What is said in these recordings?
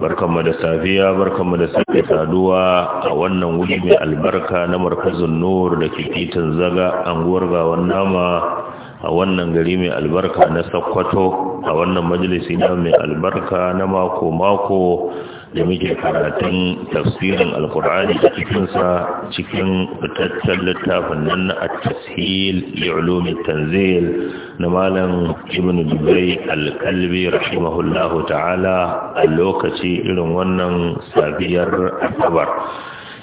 barkanmu da safiya barkanmu da sake saduwa a wannan wuri mai albarka na markazin nur da ke titin zaga anguwar gawan nama a wannan gari mai albarka na sakkwato a wannan majalisi na mai albarka na mako-mako da muke karatun tafsirin alkur'ani da cikinsa cikin fitaccen littafin nan na at-tashil li'ulumin tanzil na malam ibn dubai alkalbi rahimahullahu ta'ala a lokaci irin wannan sabiyar asabar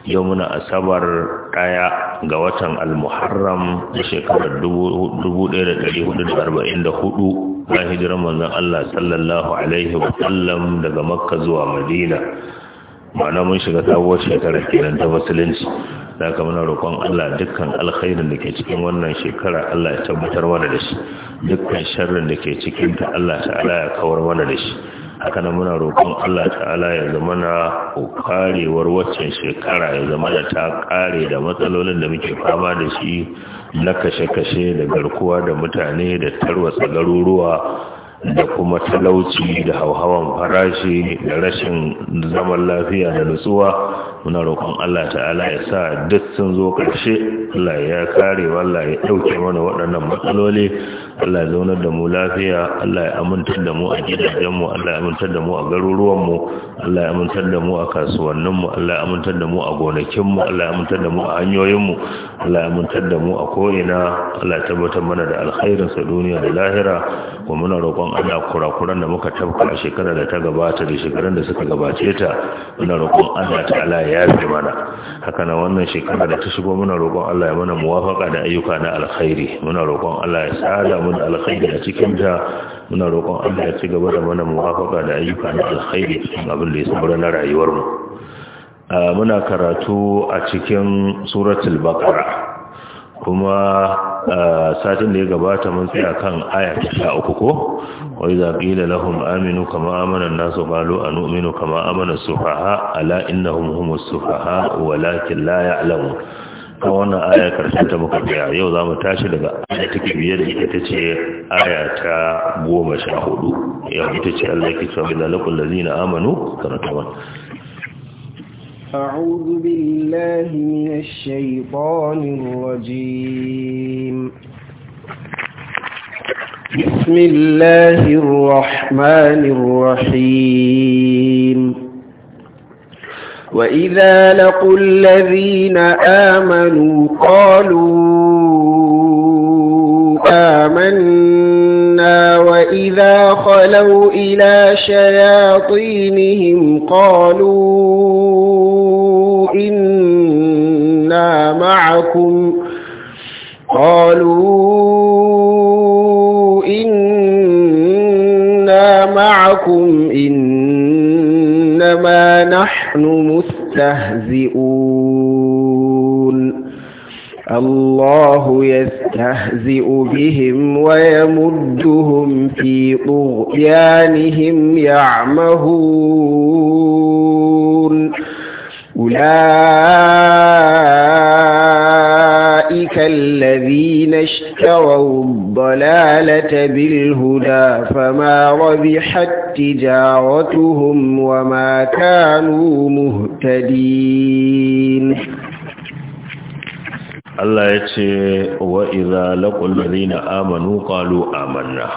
yau muna asabar ɗaya ga watan almuharram da shekarar 1444 na hijiran manzon Allah sallallahu alaihi wa daga makka zuwa madina ma'ana mun shiga sabuwar shekarar kenan ta musulunci da aka muna roƙon Allah dukkan alkhairin da ke cikin wannan shekara Allah ya tabbatar mana da shi dukkan sharrin da ke cikin ta Allah ta'ala ya kawar mana da shi haka nan muna roƙon Allah ta'ala ya zama na karewar waccan shekara ya zama da ta ƙare da matsalolin da muke fama da shi na kashe-kashe da garkuwa da mutane da tarwatsa garuruwa da kuma talauci da hauhawan farashi da rashin zaman lafiya da nutsuwa muna roƙon Allah ta'ala ya sa duk sun zo ƙarshe Allah ya kare wallahi ya ɗauke mana waɗannan matsaloli Allah ya zaunar da mu lafiya Allah ya amintar da mu a gidajenmu Allah ya amintar da mu a garuruwanmu Allah ya amintar da mu a kasuwanninmu Allah ya amintar da mu a gonakinmu Allah ya amintar da mu a hanyoyinmu Allah ya amintar da mu a ko'ina Allah ya tabbatar mana da alkhairin sa duniya da lahira wa muna roƙon Allah kurakuran da muka tafka a shekarar da ta gabata da shekarun da suka gabace ta muna roƙon Allah ta'ala ya yafe mana haka na wannan shekara da ta shigo muna roƙon Allah ya mana muwafaka da ayyuka na alkhairi muna roƙon Allah ya sada mu wani alkhairi a cikin ta muna roƙon Allah ya ci gaba da mana muwafaka da ayyuka na alkhairi cikin abin da ya samu na rayuwar mu muna karatu a cikin suratul baqara kuma satin da ya gabata mun tsaya kan aya ta uku ko wa idza qila lahum aminu kama amana an-nasu qalu anu'minu kama amana as-sufaha ala innahum humus sufaha walakin la ya'lamun kan wannan aya karshen ta muka biya yau za mu tashi daga aya take biye da ita ce aya ta goma sha hudu yau ita ce Allah ke cewa bila lakul lazina amanu karataman أعوذ بالله من الشيطان الرجيم بسم الله الرحمن الرحيم وإذا لقوا الذين آمنوا قالوا آمنا وإذا خلوا إلى شياطينهم قالوا إنا معكم قالوا إنا معكم إنا وما نحن مستهزئون الله يستهزئ بهم ويمدهم في طغيانهم يعمهون أولئك أولئك الذين اشتروا الضلالة بالهدى فما ربحت تجارتهم وما كانوا مهتدين الله يتي وإذا لقوا الذين آمنوا قالوا آمنا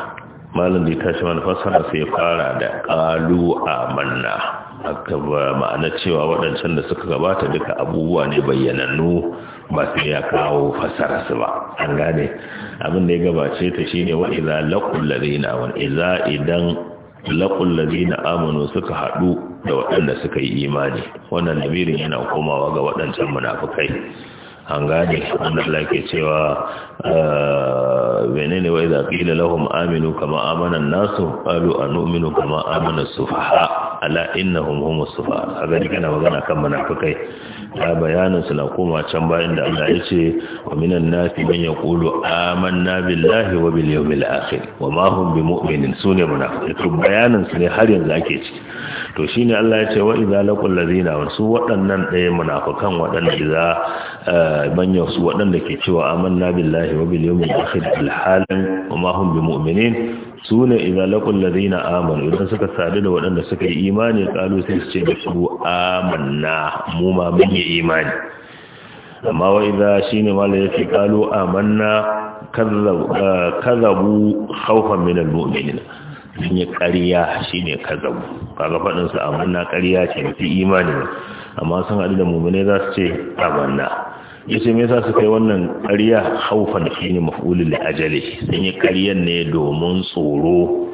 ما لن تشمل فصل في قارة قالوا آمنا haka ba ma'ana cewa waɗancan da suka gabata duka abubuwa ne bayyanannu ba sai ya kawo fasara su ba an gane abin da ya gabace ta shine ne wa'iza laqul ladina wa Iza idan laqul ladina amanu suka haɗu da waɗanda suka yi imani wannan birin yana komawa ga waɗancan munafukai. an gane wanda Allah ke cewa ah, menene ne wa'iza qila lahum aminu kama amanan nasu nasu a nominu kama amana su ala innahum humus sufa a gani kana magana kan munafikai ya bayanin su na koma can bayan da Allah ya ce wa minan nasi man yaqulu amanna billahi wa bil yawmil akhir wa ma hum bimu'minin sune to bayanin su ne har yanzu ake ciki to shine Allah ya ce wa idza laqul ladina wa su waɗannan ɗaya munafikan waɗanda za eh, manyan su waɗanda ke cewa amanna billahi wa bil yawmil akhir halan wama ma hum bimu'minin sune idza laqul ladina amanu idan suka sadu da waɗanda suka yi imani kalu sai su ce da su amanna mu ma mun yi imani amma wa idza shine mala yake kalu amanna ah, kazzabu khawfan min almu'minin sun yi ƙarya shine kazzabu kaga fadin su amanna ƙarya ce fi imani amma sun hadu da mu'mine za su ce amanna yace me yasa su kai wannan ƙarya haufan shine maf'ulul ajali sun yi ƙaryan ne domin tsoro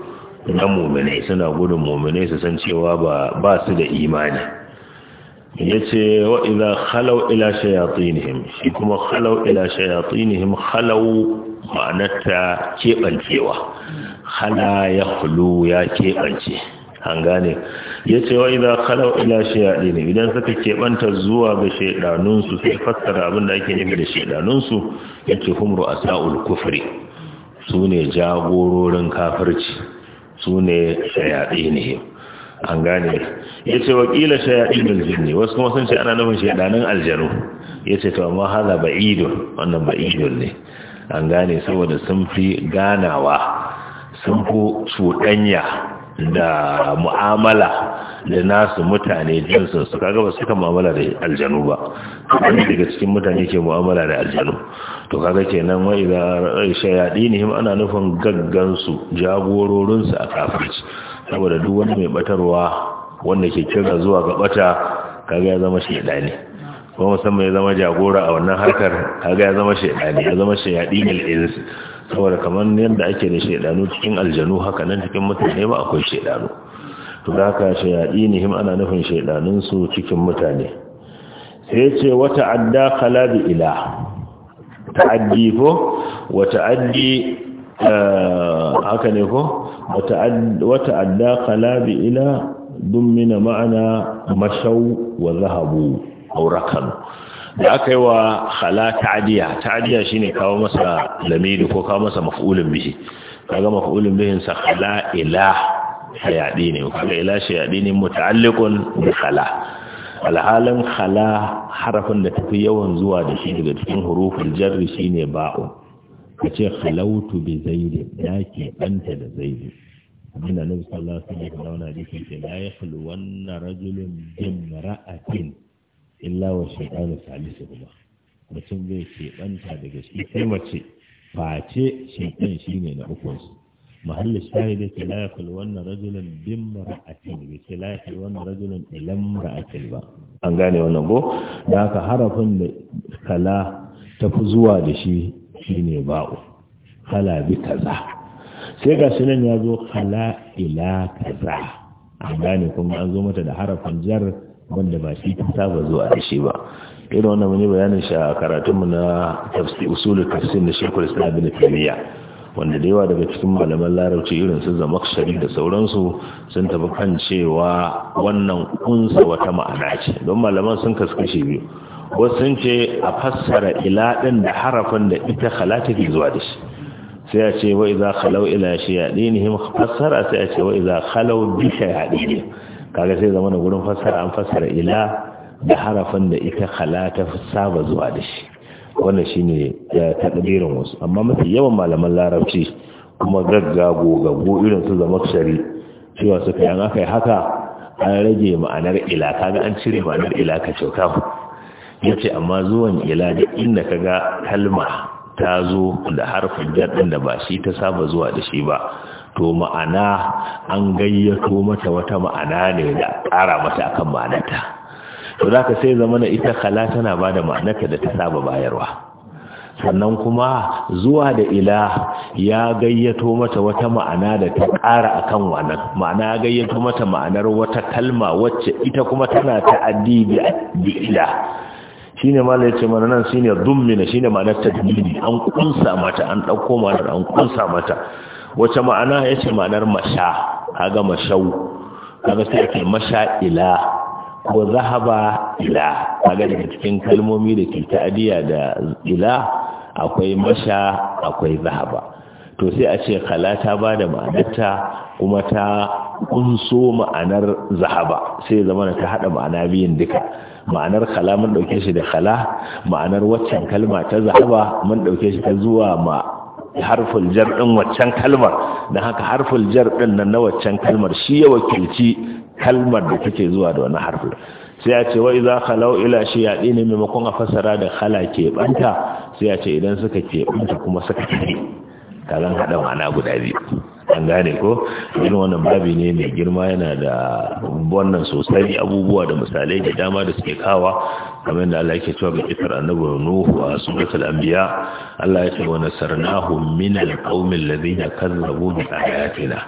na mu'minai suna gudun mu'minai su san cewa ba su da imani yace wa idza khalau ila shayatinihim shi kuma khalau ila shayatinihim khalau ma'anarta keɓancewa hala ya hulu ya keɓance hangane ya ce wa idan kalau ila shayadi ne idan suka keɓanta zuwa ga shaidanunsu sai fassara abin da ake nufi da shaidanunsu ya ce humru a sa'ul kufri su ne jagororin kafirci su ne shayaɗi ne an gane ya ce wakila shayadi da aljini wasu kuma sun ce ana nufin shaidanun aljanu ya ce to amma hala ba'idun wannan ba'idun ne an gane saboda sun fi ganawa sun fi cuɗanya da mu'amala da nasu mutane sun su kaga ba su kan mu'amala da aljanu ba wani daga cikin mutane ke mu'amala da aljanu to kaga kenan wai da shayadinihim ana nufin gaggansu jagororinsu a kafirci saboda duk wani mai batarwa wanda ke kira zuwa ga bata kaga ya zama shaidani ko musamman ya zama jagora a wannan harkar kaga ya zama shaidani ya zama shayadinil insi saboda kamar yadda ake da shaidanu cikin aljanu haka nan cikin mutane ba akwai shaidanu to da haka ya ne him ana nufin shaidanunsu cikin mutane sai ce wata adda kala bi ila ta'addi ko wata addi eh, haka ne ko wata adda kala bi ila dummina ma'ana mashau wa zahabu aurakan da aka yi wa khala ta'diya ta'diya shine kawo masa lamidi ko kawo masa maf'ulun bihi kaga maf'ulun bihi sa khala ila hayadi ne kaga ila shayadi ne muta'alliqun bi khala alhalan khala harafin da tafi yawan zuwa da shi daga cikin hurufin jarri shine ba'u kace khalawtu bi zaid yake banta da zaid من النبي صلى الله عليه وسلم لا rajulun رجل بامرأة illa wa shaitanu salisu kuma mutum bai keɓanta daga shi sai mace face shaitan shi ne na su mahallin shahi da ke layakul wannan rajulan bin mara'atin da ke layakul wannan rajulan ilan mara'atin ba an gane wannan ko. da haka harafin da kala ta fi zuwa da shi shi ne ba'u kala bi kaza sai ga shi nan ya zo kala ila kaza an gane kuma an zo mata da harafin jar wanda ba shi ta ba zuwa da shi ba irin wannan muni bayanin shi a karatunmu na usulul tafsir na shekul islam bin taymiya wanda da yawa daga cikin malaman larabci irin su zamakshari da sauransu sun tafi kan cewa wannan kunsa wata ma'ana ce don malaman sun kaskashe biyu wasu sun ce a fassara ila din da harafin da ita halata ke zuwa da shi sai a ce wa iza khalau ila shayadinihim fassara sai a ce wa iza khalau ya shayadinihim kaga sai zama na gurin fassara an fassara ila da harafin da ita kala ta saba zuwa da shi wannan shine eh, birin wasu amma mafi yawan malaman larabci kuma gaggago ga irin su zama shari cewa suka kayan aka yi haka an rage ma'anar ila kaga an cire ma'anar ila ka kyauta yace amma zuwan ila da inda kaga kalma ta zo da harfin jaddin da ba shi ta saba zuwa da shi ba to ma'ana an gayyato mata wata ma'ana ne da ƙara mata akan ma'anarta to zaka ka sai zamana ita kala tana ba da ma'anarta da ta saba bayarwa sannan kuma zuwa da ila ya gayyato mata wata ma'ana da ta ƙara akan wannan ma'ana ya gayyato mata ma'anar wata kalma wacce ita kuma tana ta'addi bi ila Shi ne ma yace mana nan shi shine dummina ne ma'anar tadbiri an kunsa mata an ɗauko ma'anar an kunsa mata wace ma'ana ya ce ma'anar masha ga mashau kaga sai ake masha ila ko zahaba ila kaga daga cikin kalmomi da ke ta'adiya da ila akwai masha akwai zahaba to sai a ce kala ta ba da ma'anarta kuma ta kunso ma'anar zahaba sai zama ta haɗa ma'ana biyun duka ma'anar kala mun ɗauke shi da kala ma'anar waccan kalma ta zahaba mun ɗauke shi ta zuwa ma harful jar waccan kalmar don haka harful jar nan na waccan kalmar shi ya wakilci kalmar da take zuwa da wani harful sai ya ce wa iza khalau ila shiyadi ne maimakon a fasara da khala ke banta sai ya ce idan suka ke banta kuma suka tare kalan hada ma'ana guda biyu an gane ko irin wannan babi ne mai girma yana da wannan sosai abubuwa da misalai da dama da suke kawa kamar da Allah yake cewa ga kitar annabi Nuhu a al anbiya Allah yake wa nasarnahu min al-ƙaunin alqawmi alladhina kazzabu bi ayatina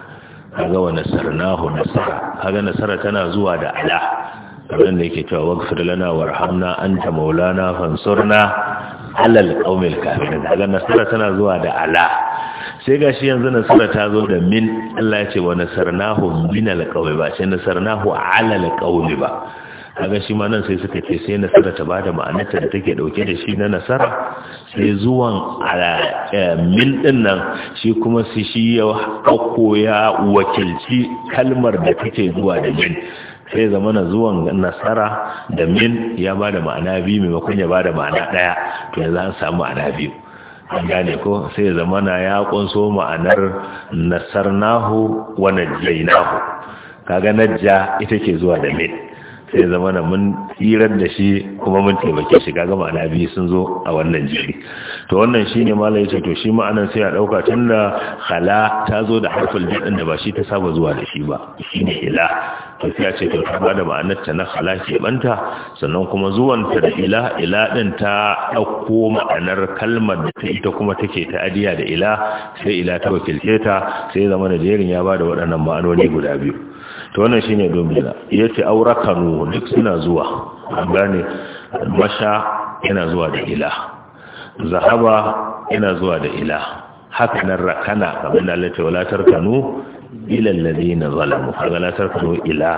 kaga wa nasarnahu nasara kaga nasara tana zuwa da ala kamar da yake cewa waghfir lana warhamna anta maulana fansurna ala alqawmi kafirin kaga nasara tana zuwa da ala sai ga shi yanzu nasara ta zo da min Allah ya ce wa nasarnahu min al alqawmi ba sai nasarnahu ala alqawmi ba kaga shi ma nan sai suka ce sai nasara ta ba da ma'anarta da take dauke da shi na nasara sai zuwan eh, mil din nan shi kuma su shi ya hakko ya wakilci kalmar da take zuwa da mil sai zamana zuwan nasara da mil ya ba da ma'ana biyu maimakon ya da ma'ana ɗaya, to yanzu an samu ma'ana biyu an gane ko sai zamana ya kunso ma'anar nasarnahu wa najjaynahu kaga najja ita ke zuwa da mil sai zama na mun tsirar da shi kuma mun taimake shi gama na biyu sun zo a wannan jiri to wannan shine mala ce, to shi ma'anan sai a dauka da khala ta zo da harfin din da ba shi ta saba zuwa da shi ba ne ila to sai a ce to ta bada ma'anar ta na hala ke banta sannan kuma zuwan ta da ila ila ɗin ta ɗauko ma'anar kalmar da ta ita kuma take ta adiya da ila sai ila ta wakilce ta sai zama da jerin ya bada waɗannan ma'anoni guda biyu to wannan shine domina yace aurakanu duk suna zuwa gane masha yana zuwa da ila zahaba yana zuwa da ila haka nan rakana kamar da lati wala tarkanu ila zalamu kaga la tarkanu ila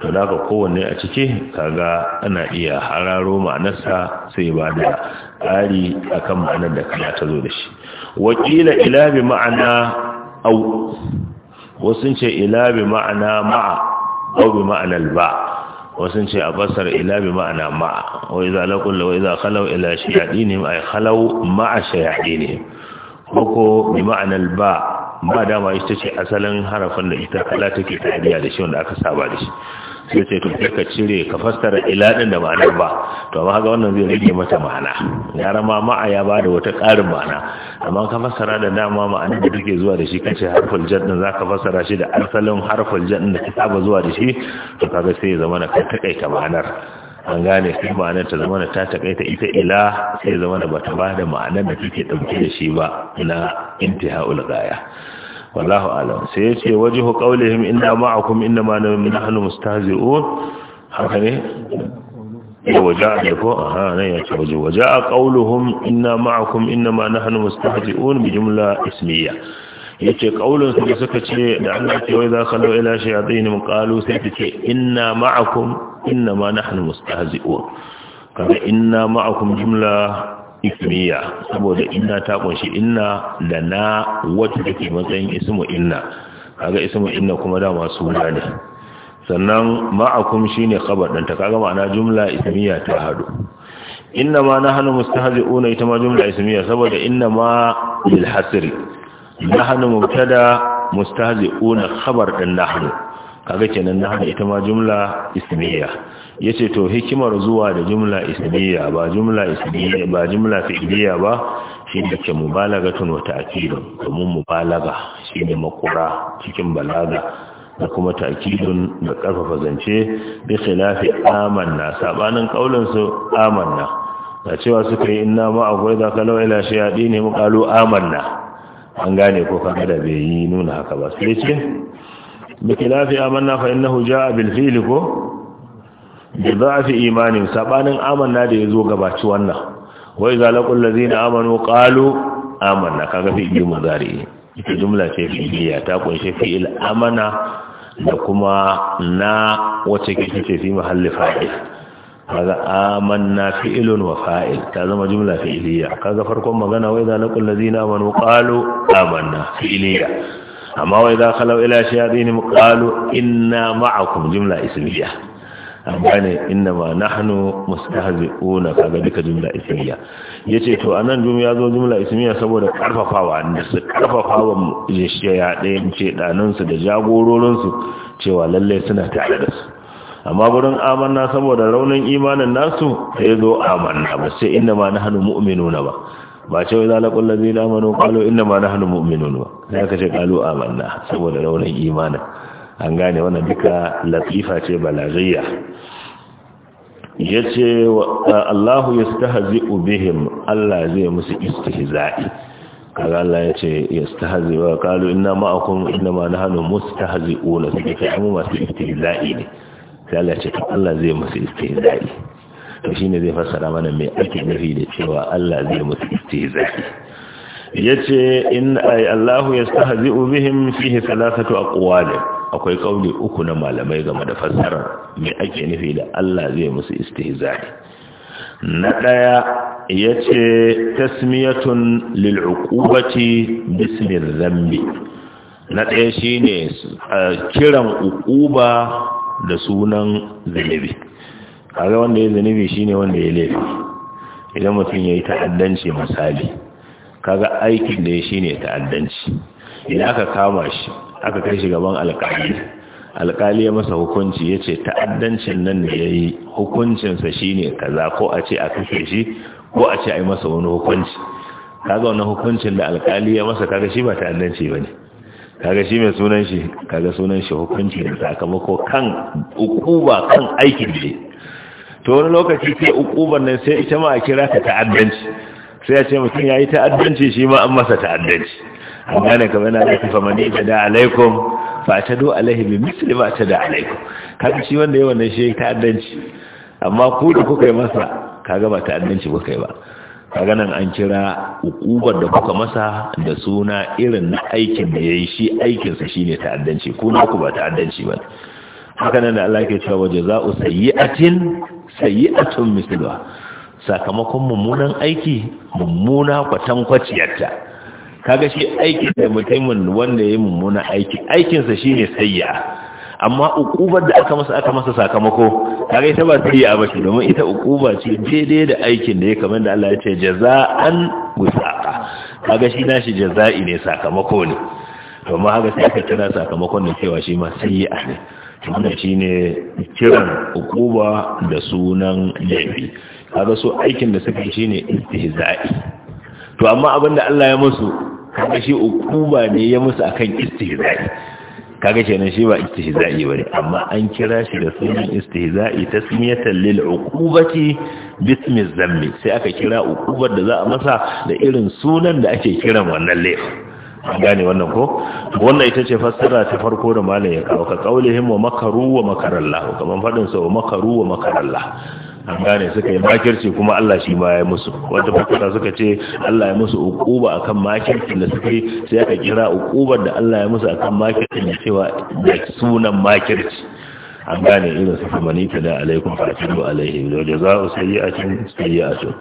to da kowanne a cike kaga ana iya hararo ma'anarsa sai ba da ƙari akan ma'anar da kana ta zo da shi wakila ila bi ma'ana au wasu ce ila bi ma'ana ma'a ko bi ma'anar ba wasu ce a fasar ila bi ma'ana ma'a wa iza laqulla wa iza khalaw ila shayadinihim ay khalaw ma'a ne. ko bi ma'anar ba ba dama ita ce asalin harafin da ita kala take tariya da shi wanda aka saba da shi sai sai to ka cire ka fassara ila ɗin da ma'anar ba to amma haka wannan zai rage mata ma'ana gara ma ma'a ya ba da wata ƙarin ma'ana amma ka fassara da dama ma'anar da take zuwa da shi kace harful jar din zaka fassara shi da asalin harful jar din da ka saba zuwa da shi to kaga sai zama na ka ma'anar an gane sai ma'anar ta zama ta takaita ita ila sai zama da bata ba da ma'anar da take dauke da shi ba na intiha'ul gaya wallahu alam sai ya ce wajihu qaulihim inna ma'akum inna ma nahnu mustahzi'un haka ne ya waja'a da ko aha nan ya ce waje waja'a qauluhum inna ma'akum inna ma nahnu mustahzi'un bi jumla ismiyya yace qaulun su suka ce da Allah ce wai za ka kallo ila shayatin qalu sai ta ce inna ma'akum inna ma nahnu mustahzi'un kaga inna ma'akum jumla ismiya saboda inna ta kunshi inna da na wacce take matsayin ismu inna kaga ismu inna kuma dama suna ne sannan ma'akum shine khabar dan ta kaga ma'ana jumla ismiya ta hadu inna ma nahnu mustahzi'una ita ma jumla ismiya saboda inna ma lil hasri nahnu mubtada mustahzi'una khabar dan nahnu kaga kenan nahnu ita ma jumla ismiya yace to hikimar zuwa da jumla ismiya ba jumla ismiya ba jumla fi'liya ba da ke mubalagatun wa ta'kidun domin mubalaga ne makura cikin balaga da kuma ta'kidun da karfafa zance bi khilafi amanna sabanin kaulin su amanna da cewa suka yi inna ma akwai da kalau ila ne mu kalu amanna an gane ko kaga da bai yi nuna haka ba sai ce bi khilafi amanna fa innahu jaa bil fi'li ko da za fi imanin sabanin amanna da ya zo gabaci wannan wai zalakul ladina amanu qalu amanna kaga fi jumla zari ita jumla ce fi'liya ta kunshe fi'il amana da kuma na wace ke ce fi mahalli fa'il kaga amanna fi'ilun wa fa'il ta zama jumla fi'liya kaga farkon magana wai zalakul ladina amanu qalu amanna fi'liya amma wai za khalau ila shayatinihim qalu inna ma'akum jumla ismiya an gane inna ma nahnu mustahzi'una kaga duka jumla ismiya yace to anan jumla ya zo jumla ismiya saboda karfafawa da su karfafawa ya ɗaya ce danan su da jagororin su cewa lalle suna tare da su amma gurin amanna saboda raunin imanin nasu sai zo amanna ba sai inna ma nahnu mu'minuna ba ba ce wai zalakun lazina amanu qalu inna ma nahnu mu'minuna ba sai ka ce qalu amanna saboda raunin imanin an gane wannan duka latifa ce balagiyya yace Allahu yastahzi'u bihim Allah zai musu istihza'i kaga Allah yace yastahzi wa qalu inna ma'akum inna ma nahnu mustahzi'una sai kai mu masu istihza'i ne sai Allah yace Allah zai musu istihza'i to shine zai fassara mana me ake nufi da cewa Allah zai musu istihza'i yace in ay Allahu yastahzi'u bihim fihi thalathatu aqwalin akwai kauli uku na malamai game da fassarar me ake nufi da Allah zai musu istihza'i na daya yace tasmiyatun lil uqubati bismi dhanbi na daya shine kiran uquba da sunan zalibi kaga wanda ya zalibi shine wanda ya laifi idan mutum yayi ta'addanci misali kaga aikin da shine ta'addanci idan aka kama shi aka kai shi gaban alƙali alƙali ya masa hukunci ya ce ta'addancin nan da ya yi hukuncinsa shi ne kaza ko a ce a kashe shi ko a ce a yi masa wani hukunci kaga wani hukuncin da alƙali ya masa kaga shi ba ta'addanci ba ne kaga shi mai sunan shi kaga sunan shi hukunci da sakamako kan ukuba kan aikin ne to wani lokaci sai ukuban nan sai ita ma a kira ka ta'addanci sai a ce mutum ya yi ta'addanci shi ma an masa ta'addanci an gane kamar na da fa da alaikum fa ta do alaihi bi misli ma ta da alaikum kaga shi wanda ya wannan shi addanci amma ku da kuka yi masa kaga ba ta'addanci kuka kai ba kaga nan an kira ukubar da kuka masa da suna irin na aikin da yayi shi aikin sa shine ta'addanci ku na ku ba ta'addanci ba haka nan da Allah ke cewa jazaa'u sayyi'atin sayyi'atun misluha sakamakon mummunan aiki mummuna kwatankwaciyarta kaga shi aikin da mutumin wanda ya yi mummuna aiki aikinsa shi ne sayya amma ukubar da aka masa aka masa sakamako kaga ita ba sayya ba ce domin ita ukuba ce daidai da aikin da ya kamar da Allah ya ce jaza'an wusaqa kaga shi nashi jaza'i ne sakamako ne to amma haka sai aka tana sakamakon da cewa shi ma sayya ne wannan shine kiran ukuba da sunan laifi kaga so aikin da suka yi shine istihza'i to amma da Allah ya musu kaga shi ukuba ne ya musu akan istihza'i kaga kenan shi ba istihza'i bane amma an kira shi da sunan istihza'i tasmiyatan lil uqubati bismi zammi sai aka kira ukubar da za a masa da irin sunan da ake kiran wannan laifi an gane wannan ko wannan ita ce fassara ta farko da malam ya kawo ka kaulihim wa makaru wa makarallah kamar fadin sa wa makaru wa makarallah an gane suka yi makirci kuma Allah shi ma ya musu wata fassara suka ce Allah ya musu ukuba akan makirci da suka yi sai aka kira ukubar da Allah ya musu akan makirci da cewa da sunan makirci an gane irin su ta da alaikum fa'atibu alaihi wa jaza'u sayyi'atin sayyi'atun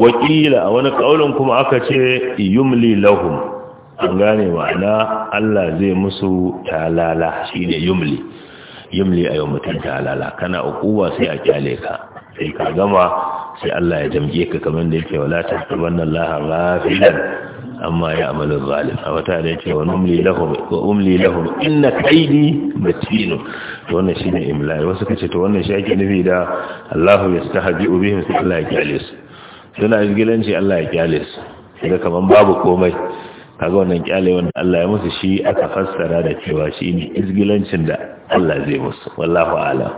wakila a wani kaulin kuma aka ce yumli lahum an gane ma'ana Allah zai musu talala shine yumli yumli a yau mutum talala kana ukuwa sai a kyale ka sai ka gama sai Allah ya jamke ka kamar da yake wala ta taban Allah ghafilan amma ya amalu zalim a wata da yake wa umli lahum wa umli lahum inna kaidi matin to wannan shine imla'i wasu kace to wannan shi ake nufi da Allahu yastahbi bihim sai Allah ya kyalis suna izgilanci Allah ya kyalis da kaman babu komai kaga wannan kyalewan da Allah ya musu shi aka fassara da cewa shi ne izgilancin da Allah zai musu wallahu a'lam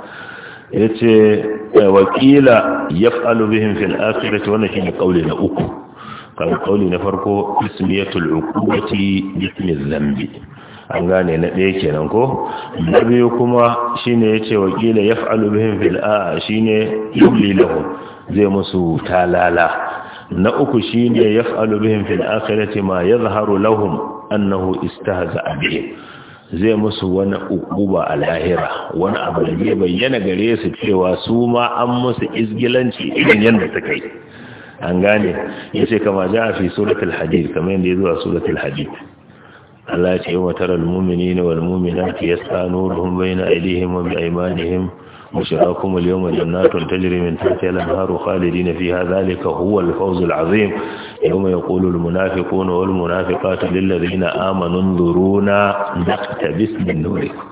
yace eh, wakila ya yaf'alu bihim fil akhirati wannan ne kauli na uku kan kauli na farko ismiyatul uqubati bi ismi dhanbi an gane na ɗaya kenan ko na biyu kuma shine yace wakila ya fi bihim fil a shine yulli lahum zai musu talala na uku shi ne shine yaf'alu bihim fil akhirati ma zaharu lahum annahu istahza'a bihim zai musu wani ukuba a lahira wani abu da zai bayyana gare su cewa su ma an musu izgilanci irin yadda ta kai an gane ya ce kama za a fi suratul hadid kama yadda ya zuwa suratul hadid Allah ya ce yau matarar mumini na wal ya sa nuruhun bai na wa bi aimanihim بشراكم اليوم جنات تجري من تحتها الانهار خالدين فيها ذلك هو الفوز العظيم يوم يقول المنافقون والمنافقات للذين امنوا انظرونا نقتبس من نوركم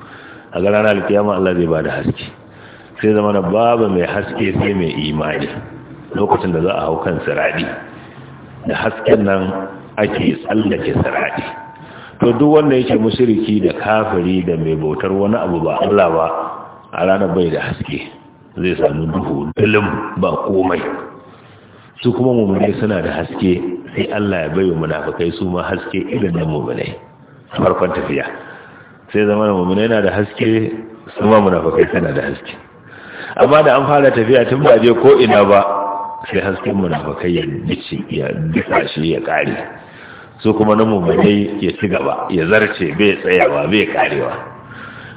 اگر انا القيامه الله زي bada haske sai zamana babu mai haske sai mai imani lokacin da za a hau kan siradi da hasken nan ake tsallake siradi to duk wanda yake mushriki da kafiri da mai bautar wani abu ba Allah ba a ranar bai da haske zai sami duhu dalim ba komai su kuma mummune suna da haske sai Allah ya bai wa su ma haske irin na mummune farkon tafiya sai zama da mummune yana da haske su ma munafakai suna da haske amma da an fara tafiya tun ba je ko ina ba sai hasken munafakai ya bice ya shi ya kare su kuma na mummune ya ci gaba ya zarce bai tsayawa bai karewa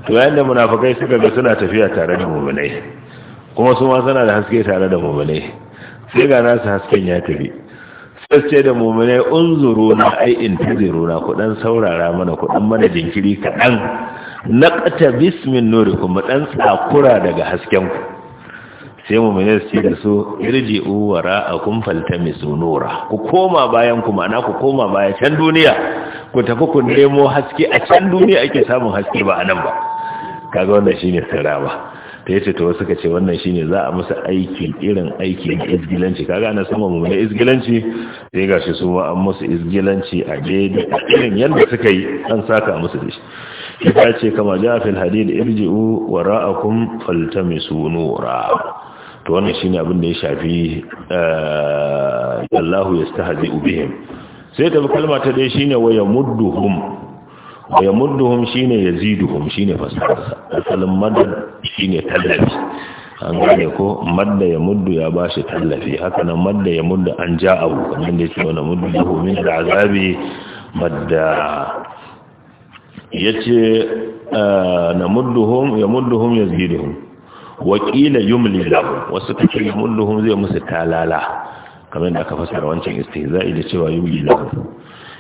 to yayin da munafikai suka ga suna tafiya tare da mu'minai kuma su ma suna da haske tare da mu'minai sai ga nasu hasken ya tafi sai da mu'minai unzuru na ai intaziru na ku dan saurara mana ku dan mana jinkiri kaɗan, naqata bismin ku mu dan tsakura daga hasken ku sai mu'minai su da su irji'u wara'akum faltamisu nura ku koma bayan ku ma'ana ku koma bayan can duniya ku tafi ku nemo haske a can duniya ake samun haske ba anan ba kaga wannan shine sirama ta yace to suka ce wannan shine za a musu aikin irin aikin izgilanci kaga na sama mu ne izgilanci sai gashi su an musu izgilanci a daidai irin yadda suka yi an saka musu dashi ta ce kama ja hadid irji'u wara'akum faltamisu nura to wannan shine abin da ya shafi eh, Allahu yastahzi bihim sai ta kalma ta dai shine waya mudduhum ya mudduhum shine yaziduhum shine fasarsa asalin madad shine tallafi an gane ko madda ya muddu ya bashi tallafi haka nan madda ya muddu an ja abu kaman da yake wannan muddu lahu min al'azabi madda yace ah, na mudduhum ya yazidu yaziduhum wa qila yumli lahu wasu kace mudduhum zai musu talala kaman da aka fasara wancan istihza'i da cewa yumli lahu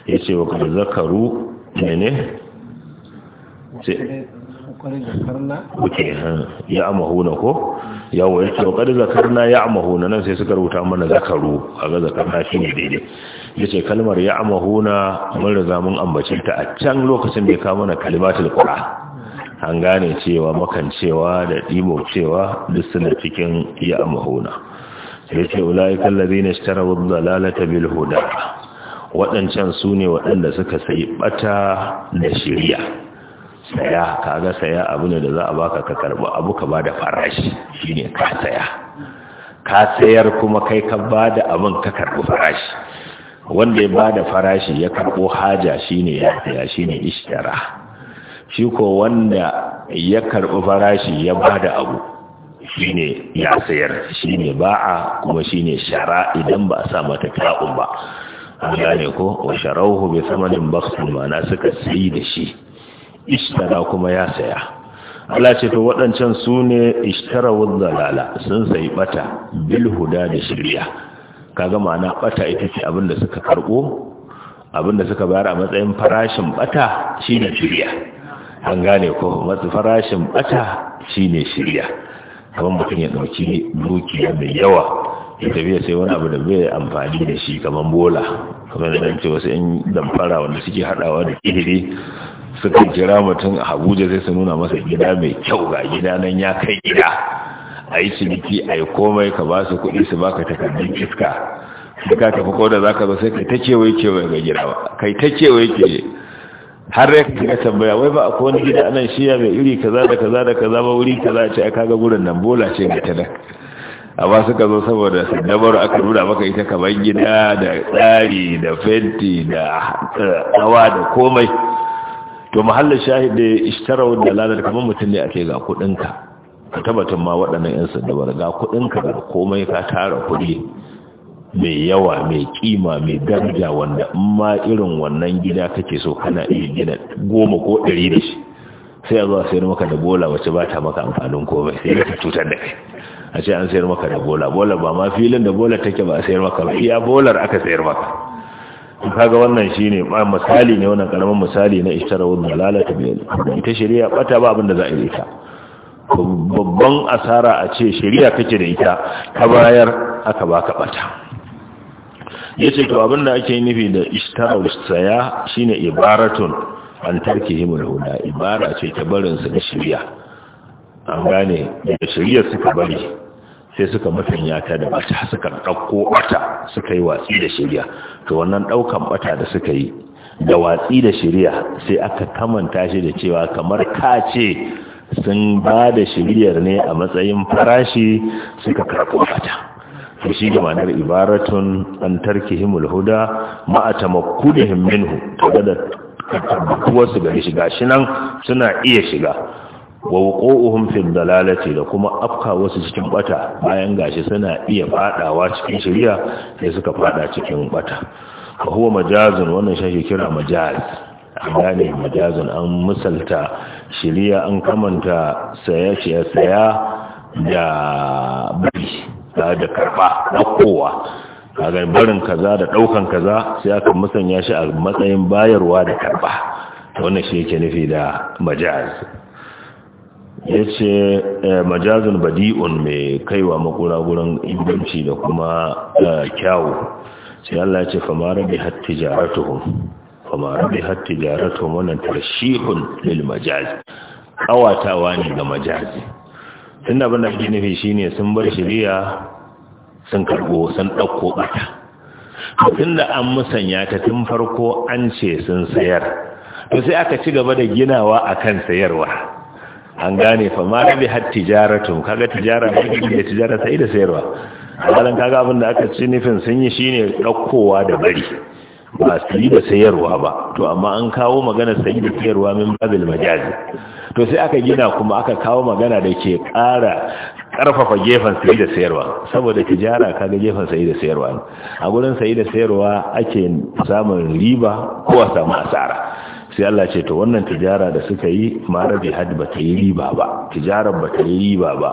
yace wa kad zakaru mene wuce ya amahuna ko yawon ya ce zakarna ya amahuna nan sai suka rubuta mana zakaru a ga zakarna shi ne daidai ya ce kalmar ya amahuna mun riga mun ambace ta a can lokacin da ya kawo mana kalimatul kura an gane cewa makancewa da ɗimo cewa duk suna cikin ya amahuna ya ce ulai kallazi na tara wadda lalata bil huda waɗancan su ne waɗanda suka sayi ɓata da shirya saya kaga saya abu ne da za a baka ka karɓi abu ka ba da farashi ne ka saya ka sayar kuma kai ka ba da abin ka karɓi farashi wanda ya ba da farashi ya karɓo haja shine ya saya ne ishtara shi ko wanda ya karɓi farashi ya ba da abu ne ya sayar shi ba ba'a kuma shi ne shara idan ba a sa mata ta'un ba an gane ko wa sharauhu bi samanin baksin mana suka sayi da shi ishtara kuma ya saya Allah ce to waɗancan su ne ishtara dalala sun sayi bata bil huda da shirya kaga ma'ana bata ita ce abin da suka karɓo abin da suka bayar a matsayin farashin bata shine shirya an gane ko matsayin farashin bata shine shirya kamar mutum ya ɗauki dukiya mai yawa ya tafiya sai wani abu da bai amfani da shi kamar bola kamar da ce wasu yan damfara wanda suke hadawa da kihiri suka jira mutum a Abuja zai su nuna masa gida mai kyau ga gida nan ya kai gida a yi ciniki a yi komai ka ba su kuɗi su baka takardun iska sai ka tafi ko da ka zo sai kai ta kewaye kewaye ga gida ba kai ta kewaye ke har ya ka tambaya wai ba ko wani gida anan shiya mai iri kaza da kaza da kaza ba wuri kaza ce aka kaga gurin nan bola ce mai tala. amma suka zo saboda sandabar aka nuna maka ita kamar gida da tsari da fenti da rawa da komai to mahallin shahid da ishtara wadda lalata kamar mutum ne ake ga kudinka ka tabbatar ma waɗannan 'yan sandabar ga kudinka da komai ka tara kudi mai yawa mai kima mai daraja wanda in ma irin wannan gida kake so kana iya gina goma ko ɗari da shi sai a zuwa sayar maka da bola wacce ba ta maka amfanin komai sai ka cutar da kai a ce an sayar maka da bola bola ba ma filin da bola take ba a sayar maka ba iya bolar aka sayar maka kaga wannan shine ba misali ne wannan karamin misali na ishtarawun dalalata bi ita shari'a bata ba abin da za a yi ta babban asara a ce shari'a kake da ita ka bayar aka baka bata yace to abin da ake nufi da ishtaraw saya shine ibaratun an tarki huda ibara ce ta barin su da shari'a an gane da shari'a suka bari sai suka ya ta da bata suka ɗauko bata suka yi watsi da shirya to wannan ɗaukan bata da suka yi da watsi da shirya sai aka kamanta shi da cewa kamar ka ce sun ba da shiryar ne a matsayin farashi suka karɓo bata to shi da ma'anar ibaratun an himul huda ma'a tamakkudihim minhu tare da tabbatuwarsu gari shiga shi nan suna iya shiga wa wuqu'uhum fi dalalati da kuma afka wasu cikin bata bayan gashi suna iya fadawa cikin shari'a sai suka fada cikin bata fa huwa majazun wannan shi kira majaz gane majazun an misalta shari'a an kamanta saya ce saya da bari da karba da kowa kaga barin kaza da daukan kaza sai aka musanya shi a matsayin bayarwa da karba wannan shi yake nufi da majaz ya ce eh, majazin badi'un mai kaiwa makura gurin inganci da kuma eh, kyawu sai Allah ya ce famara bi hatti jaratuhum famara bi hatti jaratuhum wannan tarshihun lil majazi kawatawa ne ga majazi tun da banda nufi shine sun bar shiriya sun karbo sun ɗauko ɓata tun da an musanya ta tun farko an ce sun sayar to sai aka ci gaba da ginawa akan sayarwa an gane fa ma rabi har tijaratun kaga tijara da yake da tijara sai da sayarwa halan kaga abin da aka ci nufin sun yi shine dakkowa da bari ba su yi da sayarwa ba to amma an kawo magana sai da sayarwa min babil majazi to sai aka gina kuma aka kawo magana da ke ƙara ƙarfafa gefen sai da sayarwa saboda tijara kaga gefen sai da sayarwa a gurin sai da sayarwa ake samun riba ko a samu asara sai Allah ce to wannan tijara da suka yi mara rabi had ba ta yi riba ba tijarar ba ta yi riba ba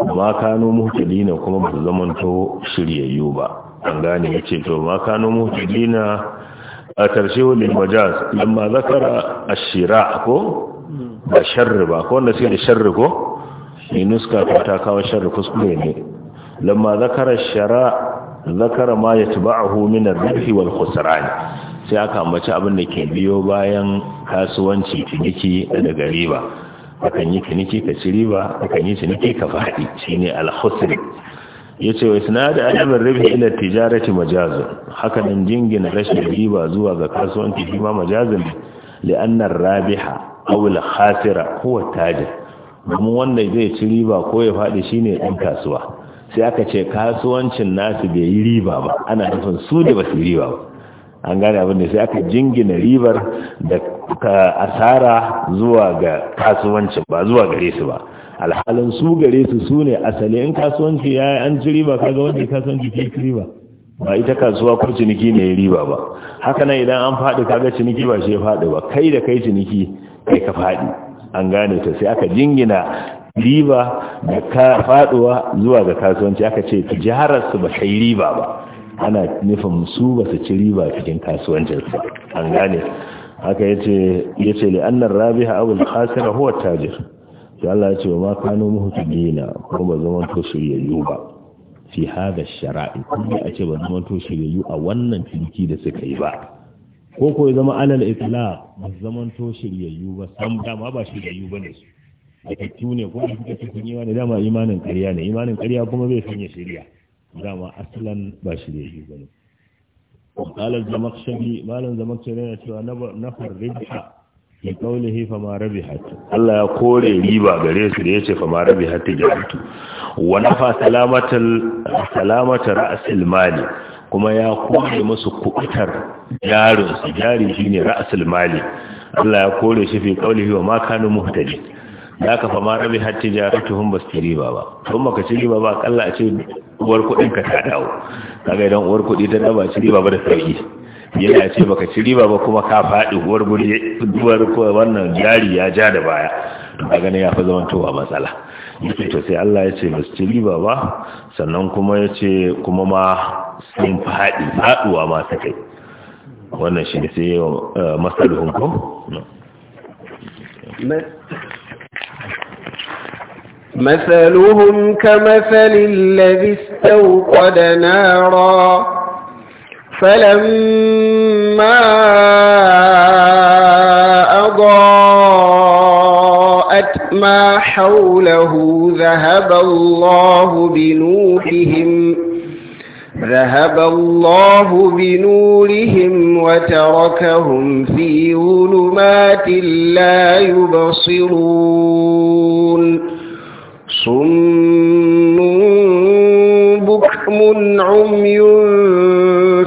amma kano muhtadina kuma ba su to shiryayyu ba an gane yace to ma kano muhtadina a karshe wani majaz lamma zakara shira ko da sharri ba ko wanda suke da sharri ko ne nuska ta kawo sharri kuskure ne lamma zakara shara zakara ma yatba'uhu min ar-ribhi wal khusran sai aka ambaci abin da ke biyo bayan kasuwanci ciniki daga riba akan yi ciniki ka ci riba akan yi ciniki ka faɗi shine al-husn yace wai isnadu adabin ribhi ila tijarati majazun haka nan jingina rashin riba zuwa ga kasuwanci shi ma majazun rabiha aw al-khasira huwa domin wanda zai ci riba ko ya faɗi shine ɗan kasuwa sai aka ce kasuwancin nasu bai yi riba ba ana nufin su da ba su riba ba an gane abin da sai aka jingina ribar da asara zuwa ga kasuwancin ba zuwa gare su ba alhalin su gare su su ne asali in kasuwanci ya yi an ci riba kaga wanda kasuwanci ke ci riba ba ita kasuwa ko ciniki ne ya riba ba haka nan idan an faɗi kaga ciniki ba shi ya faɗi ba kai da kai ciniki kai ka faɗi an gane ta sai aka jingina riba da ka faɗuwa zuwa ga kasuwanci aka ce tijarar su ba kai riba ba ana nufin su ba su ci riba cikin kasuwancin su an gane haka yace yace li annar rabiha aw al khasira huwa tajir to Allah ya ce ma kanu muhtadina ko ba zaman to su yayyu ba fi hada shara'i kuma a ce ba zaman to su yayyu a wannan ciniki da suka yi ba ko ko ya zama alal itla ba zaman to shiryayyu ba sam dama ba shiryayyu ba ne su da ne ko da suka cikin yi wani dama imanin ƙarya ne imanin ƙarya kuma bai sanya shari'a. dama asalan ba shi da shi bane qala zamakhshari malan zamakhshari yana cewa na farriha bi qawlihi fa ma rabihat Allah ya kore riba gare su da yace fa ma rabihat tijaratu wa fa salamatal salamatar ra'asil mali kuma ya kore musu kubutar jarin su jari shine ra'sul mali Allah ya kore shi fi qawlihi wa ma kanu muhtadin da aka fama rabi har tijaratuhum ba su riba ba kun baka ci riba ba akalla a ce uwar kudin ka ta dawo kaga idan uwar kuɗi ta daba ci riba ba da sauki yana ce baka ci riba ba kuma ka faɗi uwar guri uwar wannan jari ya ja da baya kaga ne ya zaman towa matsala yake to sai Allah ya ce ba su ci riba ba sannan kuma ya ce kuma ma sun faɗi faduwa ma ta kai wannan shi ne sai eh, masaluhun ko مثلهم كمثل الذي استوقد نارا فلما أضاءت ما حوله ذهب الله بنورهم ذهب الله بنورهم وتركهم في ظلمات لا يبصرون صم بكم عمي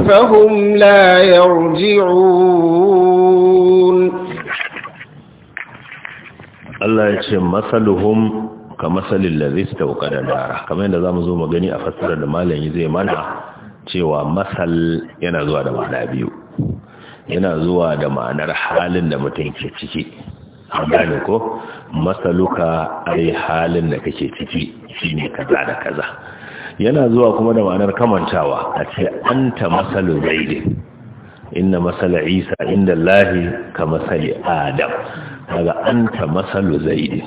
فهم لا يرجعون Allah ya ce masaluhum ka masalin lazista wa kadada kamar yadda za mu zo magani a fassarar da malami zai mana cewa masal yana zuwa da ma'ana biyu yana zuwa da ma'anar halin da mutum ke ciki gane ko masaluka ai halin da kake ciki shine kaza da kaza yana zuwa kuma da ma'anar kamantawa a ce anta masalu zaidin inna masala isa inda lahi ka masali adam kaga anta masalu zaidi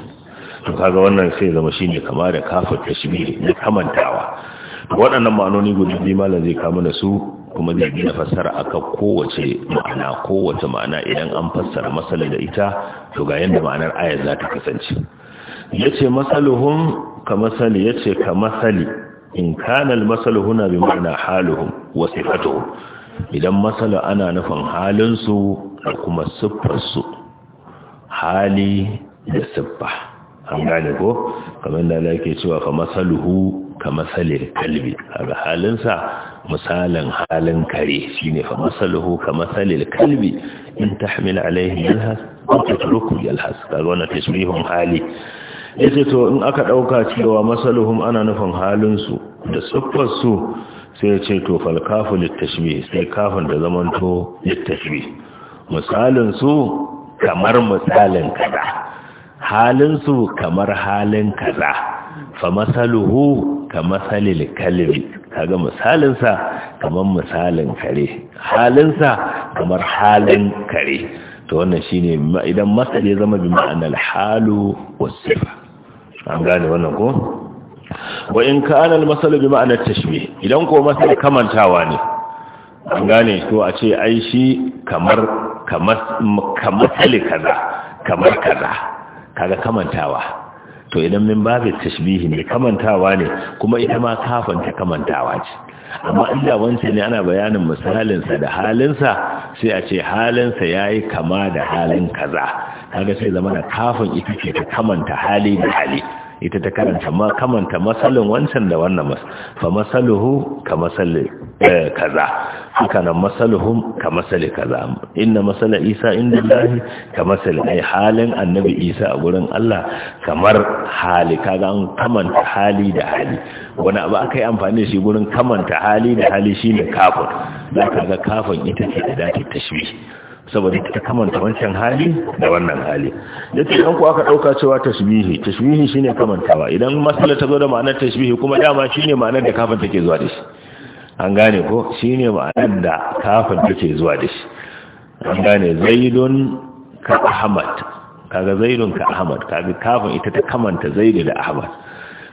to kaga wannan sai zama shine kama da kafir tashbih na kamantawa waɗannan ma'anoni guda biyu malam zai kama da su kuma zai gina fassara a kowace ma'ana kowace ma'ana idan an fassara masala da ita to ga yadda ma'anar ayar za ta kasance ya ce matsaluhun ka masali ya ce ka masali in kanal matsaluhuna bi ma'ana haluhun wasu fato idan masalu ana nufin halinsu da kuma siffarsu hali da siffa an gane ko kamar da ala ke cewa ka masaluhu ka masalin kalbi a halinsa misalin halin kare shine fa masaluhu ka masalil kalbi in tahmil alaihi yalhas ko tatruku yalhas kaga wannan tasbihun hali ce to in aka ɗauka cewa masaluhum ana nufin halin su da siffar su sai ya ce to fal kafu sai kafin da zamanto litashbih misalin su kamar misalin kaza halin su kamar halin kaza fa masaluhu ka masalil kalbi kaga misalinsa kamar misalin kare halinsa kamar halin kare to wannan shine idan masali zama bi ma'anar halu wasifa an gane wannan ko wa in kana al bi ma'anar tashbih idan ko masal kamantawa ne an gane to a ce ai shi kamar kamar kamar kaza kamar kaza kaga kamantawa to idan min babu tashbihi ne kamantawa ne kuma ita ma kafanta kamantawa ce amma inda wancan ne ana bayanin misalinsa da halinsa sai a ce halinsa ya yi kama da halin kaza kaga sai zama da kafin ita ce ta kamanta hali da hali ita ta karanta ma kamanta masalin wancan da wannan mas fa masaluhu ka masali eh, kaza haka nan masaluhum ka masali kaza inna masala isa inda lahi ka masali ai halin annabi isa a gurin Allah kamar hali kaga an kamanta hali da hali wani abu aka yi amfani da shi gurin kamanta hali da hali shine kafin za ka ga kafin ita ce da ta tashwi saboda ta kamanta wancan hali da wannan hali da ke ɗan aka ɗauka cewa tasbihi tasbihi kamanta kamantawa idan masala ta zo da ma'anar tasbihi kuma dama shine ma'anar da kafin take zuwa da shi an gane ko shine ma'anar da kafin take zuwa da shi an gane zaidun ka ahmad kaga zaidun ka ahmad kaga kafin ita ta kamanta zaidu da ahmad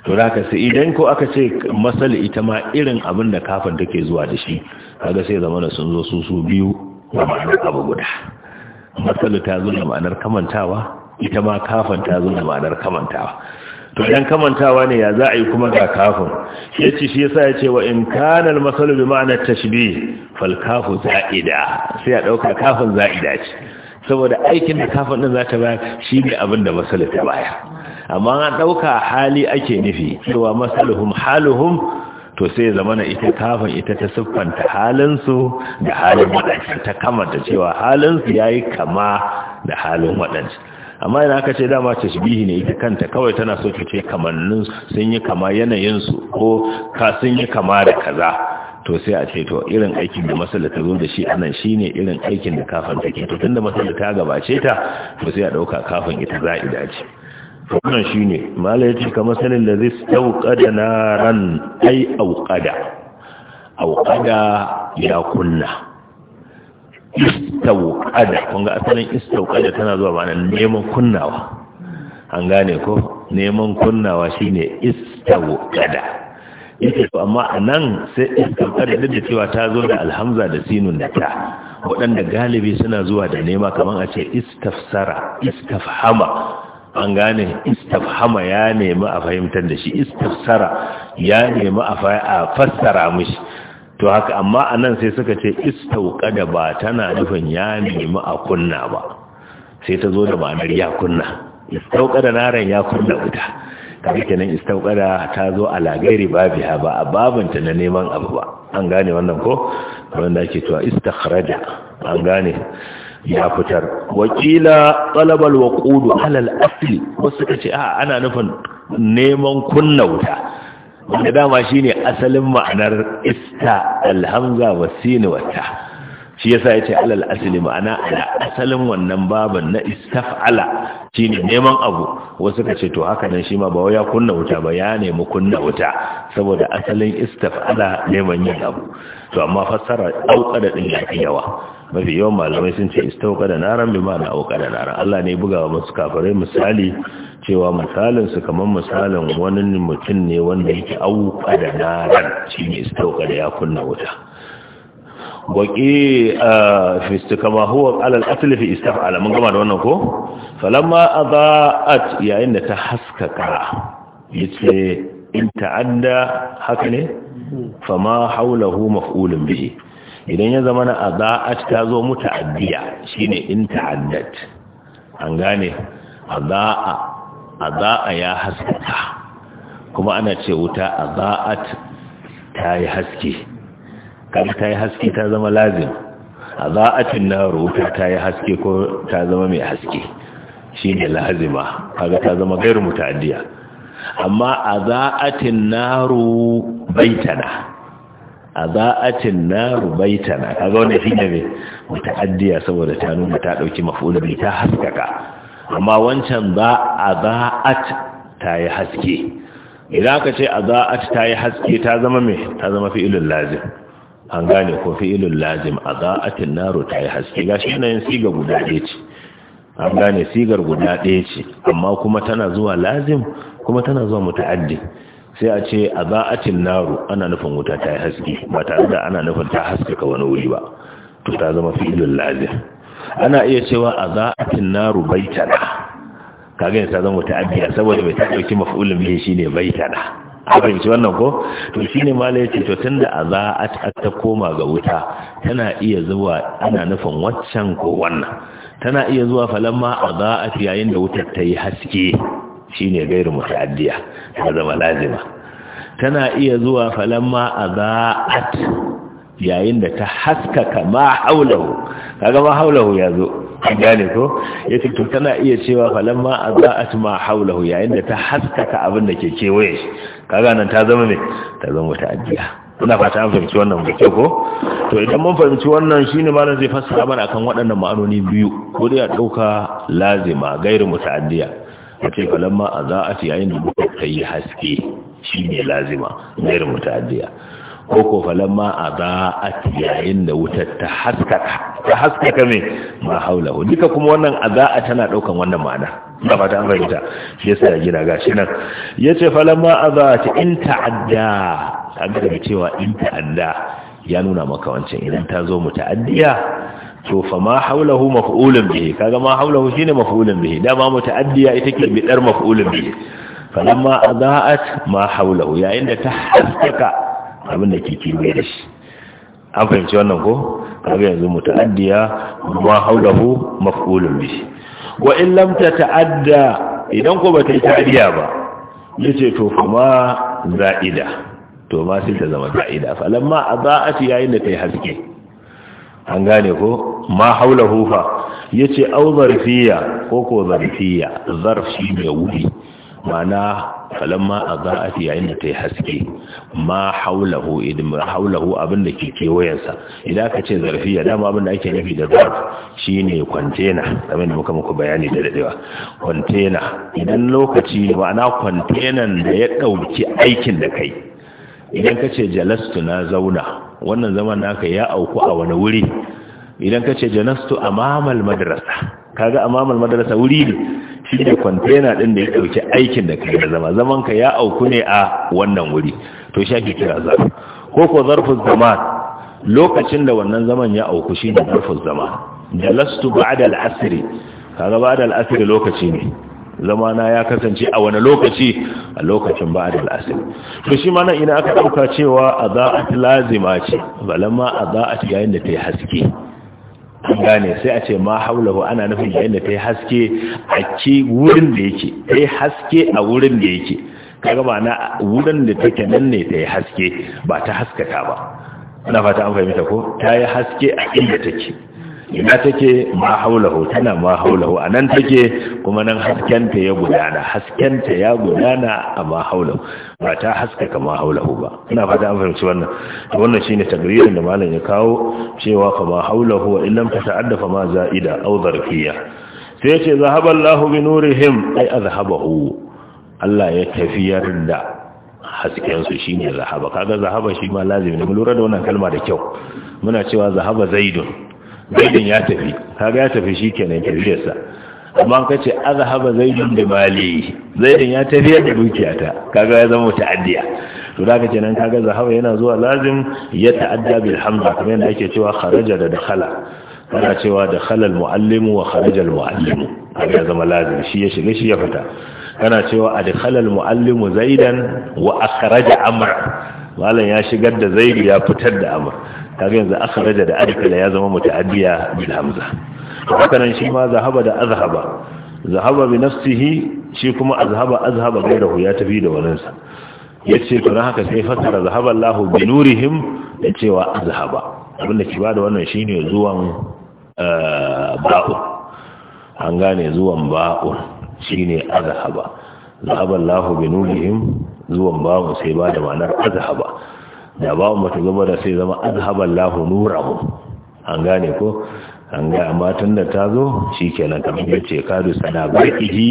to da sai idan ko aka ce masala ita ma irin abin da kafin take zuwa da shi kaga sai zamana sun zo su su biyu da ma'anar abu guda ta zo da ma'anar kamantawa ita ma kafan ta zo da ma'anar kamantawa to idan kamantawa ne ya za a yi kuma ga kafin ya ce shi yasa ya ce wa in kanal masalu bi ma'anar tashbi fal kafu za'ida sai a dauka kafin za'ida ce saboda aikin da kafin din za ta bayar shi ne abin da masalu ta baya amma an dauka hali ake nufi cewa masaluhum haluhum to sai zama na ita kafin ita ta siffanta halinsu da halin waɗansu ta kamata cewa halinsu ya yi kama da halin waɗansu amma yana aka ce dama ta shibihi ne ita kanta kawai tana so ce kamannin sun yi kama yanayinsu ko ka sun yi kama da kaza to sai a ce to irin aikin da matsala ta zo da shi anan shine irin aikin da kafin take to tunda matsala ta gabace ta to sai a ɗauka kafin ita za'i dace wannan ne mala ce kamar sanin da zai na naran ai aukada aukada ya kunna istauqada kun ga asalin istauqada tana zuwa ma'anar neman kunnawa an gane ko neman kunnawa shine istauqada yake to amma a nan sai duk da cewa ta zo da alhamza da sinun da ta waɗanda galibi suna zuwa da nema kamar a ce istafsara istafhama an gane istafhama ya nemi a fahimtar da shi istafsara ya nemi a fassara mishi to haka amma anan sai suka ce da ba tana nufin ya nemi a kunna ba sai ta zo da ma'anar ya kunna da naren ya kunna wuta kaga kenan da ta zo a lagairi babiha ba a babanta na neman abu ba an gane wannan ko wanda ake cewa istakhraja an gane ya fitar wakila talabal waqudu alal asli wasu kace a ana nufin neman kunna wuta da dama shine asalin ma'anar ista alhamza wasini wata shi yasa ya ce alal asali ma'ana ala asalin wannan baban na istaf'ala shi ne neman abu wasu ka ce to haka nan shi ma ba ya kunna wuta ba ya nemi kunna wuta saboda asalin istaf'ala neman yin abu to amma fassara da ɗin ya yawa mafi yawan malamai sun ce Istauka da naran bi ma'ana da naran Allah ne bugawa masu kafirai misali cewa misalin su kamar misalin wani mutum ne wanda yake auka da naran shi ne Istauka da ya kunna wuta waƙi a fisti kama huwa alal asali fi istaf'ala mun gama da wannan ko falamma adaat yayin da ta haskaka yace in ta'adda haka ne fama haulahu maf'ulun bihi idan ya zama na adaat ta zo muta'addiya shine in ta'addat an gane adaa adaa ya haskaka kuma ana ce wuta adaat ta yi haske Kar ta yi haske ta zama lazim a za'atin na rubuta ta yi haske ko ta zama mai haske shi ne lazima kaga ta zama gairu adiya amma a za'atin naro baitana a za'atin naru a zaune wannan ne mutu adiya saboda ta nuna ta dauki maf'ul ta haskaka amma wancan za a ta yi haske idan ka ce a ta yi haske ta zama mai ta zama ilin lazim an gane ko fi'ilul lazim azaatin naru ta yi haske gashi yanayin siga guda ɗaya ce an gane sigar guda ɗaya ce amma kuma tana zuwa lazim kuma tana zuwa muta'addi sai a ce azaatin naru ana nufin wuta ta yi haske ba tare da ana nufin ta haske ka wani wuri ba to ta zama fi'ilul lazim ana iya cewa azaatin naru baitana kaga ta zama muta'addi saboda bai ta dauki maf'ulun bihi shine baitana a fahimci wannan ko to shi ne ma ya ce to tun da a za a ta koma ga wuta tana iya zuwa ana nufin waccan ko wannan tana iya zuwa ma a za a fi yayin da wutar ta yi haske shi ne gairu muta'addiya ta zama lazima tana iya zuwa ma a a yayin da ta haskaka ma haulahu kaga ma haulahu ya zo gane ko ya to tana iya cewa ma a za'at ma haulahu yayin da ta haskaka abin da ke kewaye kaga nan ta zama mai ta zama wata ajiya ina fata an fahimci wannan da kyau ko to idan mun fahimci wannan shine malam zai fassara mana akan waɗannan ma'anoni biyu ko dai a ɗauka lazima gairu muta'addiya a ce falamma a za a yayin da muka haske shine ne lazima gairu muta'addiya ko ko falamma a tiyayin da wutar ta haskaka ta haskaka me ma haulahu duka kuma wannan ada'a tana daukan wannan ma'ana da fata an fahimta shi yasa ya gina gashi nan yace falamma ta, in ta'adda kaga da cewa in ta'adda ya nuna maka wancan idan ta zo muta'addiya to fa ma haulahu maf'ulun bihi kaga ma haulahu shine maf'ulun bihi dama muta'addiya ita ke bidar maf'ulun bihi falamma adaat ma haulahu yayin da ta haskaka abin da ke kewaye da shi an fahimci wannan ko kaga yanzu muta'addiya ma haulahu maf'ulun bihi wa in lam tata'adda idan ko bata ta'addiya ba yace to kuma za'ida to ma sai ta zama za'ida fa. lamma adaat yayin da yi haske an gane ko ma haulahu fa yace au zarfiya ko ko zarfiya zarf shi wuri mana falamma a za'at yayin da ta yi haske ma haulahu ma haulahu abin da ke kewayensa idan ka ce ya dama abin da ake nufi da zarf shine kwantena kamar da muka muku bayani da dadewa kwantena idan lokaci ne ma'ana kwantenan da ya ɗauki aikin da kai idan ka ce jalastu na zauna wannan zaman naka ya auku a wani wuri idan ka ce jalastu amamal madrasa kaga amamal madrasa wuri ne shi ne kwantena ɗin da ya ɗauki aikin da kai da zama zaman ka ya auku ne a wannan wuri to shi ake kira ko ko zarfin zama lokacin da wannan zaman ya auku shi ne zarfin da jalastu ba'da al'asri kaga ba'da al'asri lokaci ne zamana ya kasance a wani lokaci a lokacin ba'da al'asri to shi mana ina aka ɗauka cewa a za'at lazima ce balamma a ta yayin da ta yi haske an gane sai a ce ma haulahu ana nufin da da ta yi haske a ke wurin da yake ta yi haske a wurin da yake kaga ba na wurin da take nan ne ta yi haske ba ta haskata ba na fata an fahimta ko ta yi haske a inda take ina take ma haulahu tana ma haulahu a nan take kuma nan haskenta ya gudana haskenta ya gudana a ma haulahu ba ta haskaka ma haulahu ba ina fata an fahimci wannan to wannan shine tagririn da malam ya kawo cewa fa ma haulahu wa illam tata'adda fa ma za'ida aw zarfiya sai yace zahaba Allahu bi nurihim ay azhabahu Allah ya tafiyar da Hasken su shine zahaba kaga zahaba shi ma lazimi ne lura da wannan kalma da kyau muna cewa zahaba zaidun zaidin ya tafi kaga ya tafi shi kenan tafiyarsa amma ka ce azhaba zaidin da mali zaidin ya tafi da dukiyata kaga ya zama ta'addiya to da kace nan kaga zahaba yana zuwa lazim ya ta'adda bil hamza kamar yadda ake cewa kharaja da dakhala kana cewa dakhala al muallimu wa kharaja al muallimu kaga ya zama lazim shi ya shiga shi ya fita kana cewa adkhala al muallimu zaidan wa akhraja amr malam ya shigar da zaidu ya fitar da amr kaga yanzu akhraja da adkala ya zama mutaaddiya bil hamza haka nan shi ma zahaba da azhaba zahaba bi nafsihi shi kuma azhaba azhaba gairahu ya tafi da waninsa yace to dan haka sai fasara zahaba Allahu bi nurihim da cewa azhaba abinda ki bada wannan shine zuwan eh, ba'u an gane zuwan ba'u shine azhaba zahaba Allahu bi nurihim zuwan ba'u sai bada ma'anar azhaba da ba mu ta zama da sai zama azhaballahu nurahu an gane ko an ga amma tun da ta zo shikenan kamar yace kadu sana barkihi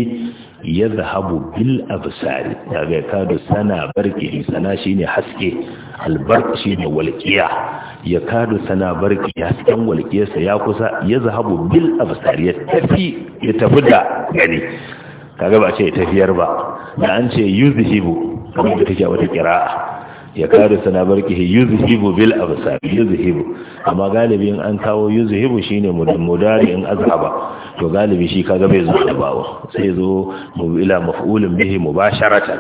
yadhhabu bil absar ga kadu sana barkihi sana shine haske albark shine walqiya ya kadu sana barki hasken walqiyarsa ya kusa yadhhabu bil absar ya tafi ya tafi da gani kaga ba ce tafiyar ba da an ce yuzhibu kamar da take wata qira'a ya kare sana barkihi yuzhibu bil absar yuzhibu amma galibi in an kawo yuzhibu shine mudari in azhaba to galibi shi kaga bai zo da bawo sai zo mu ila maf'ulun bihi mubasharatan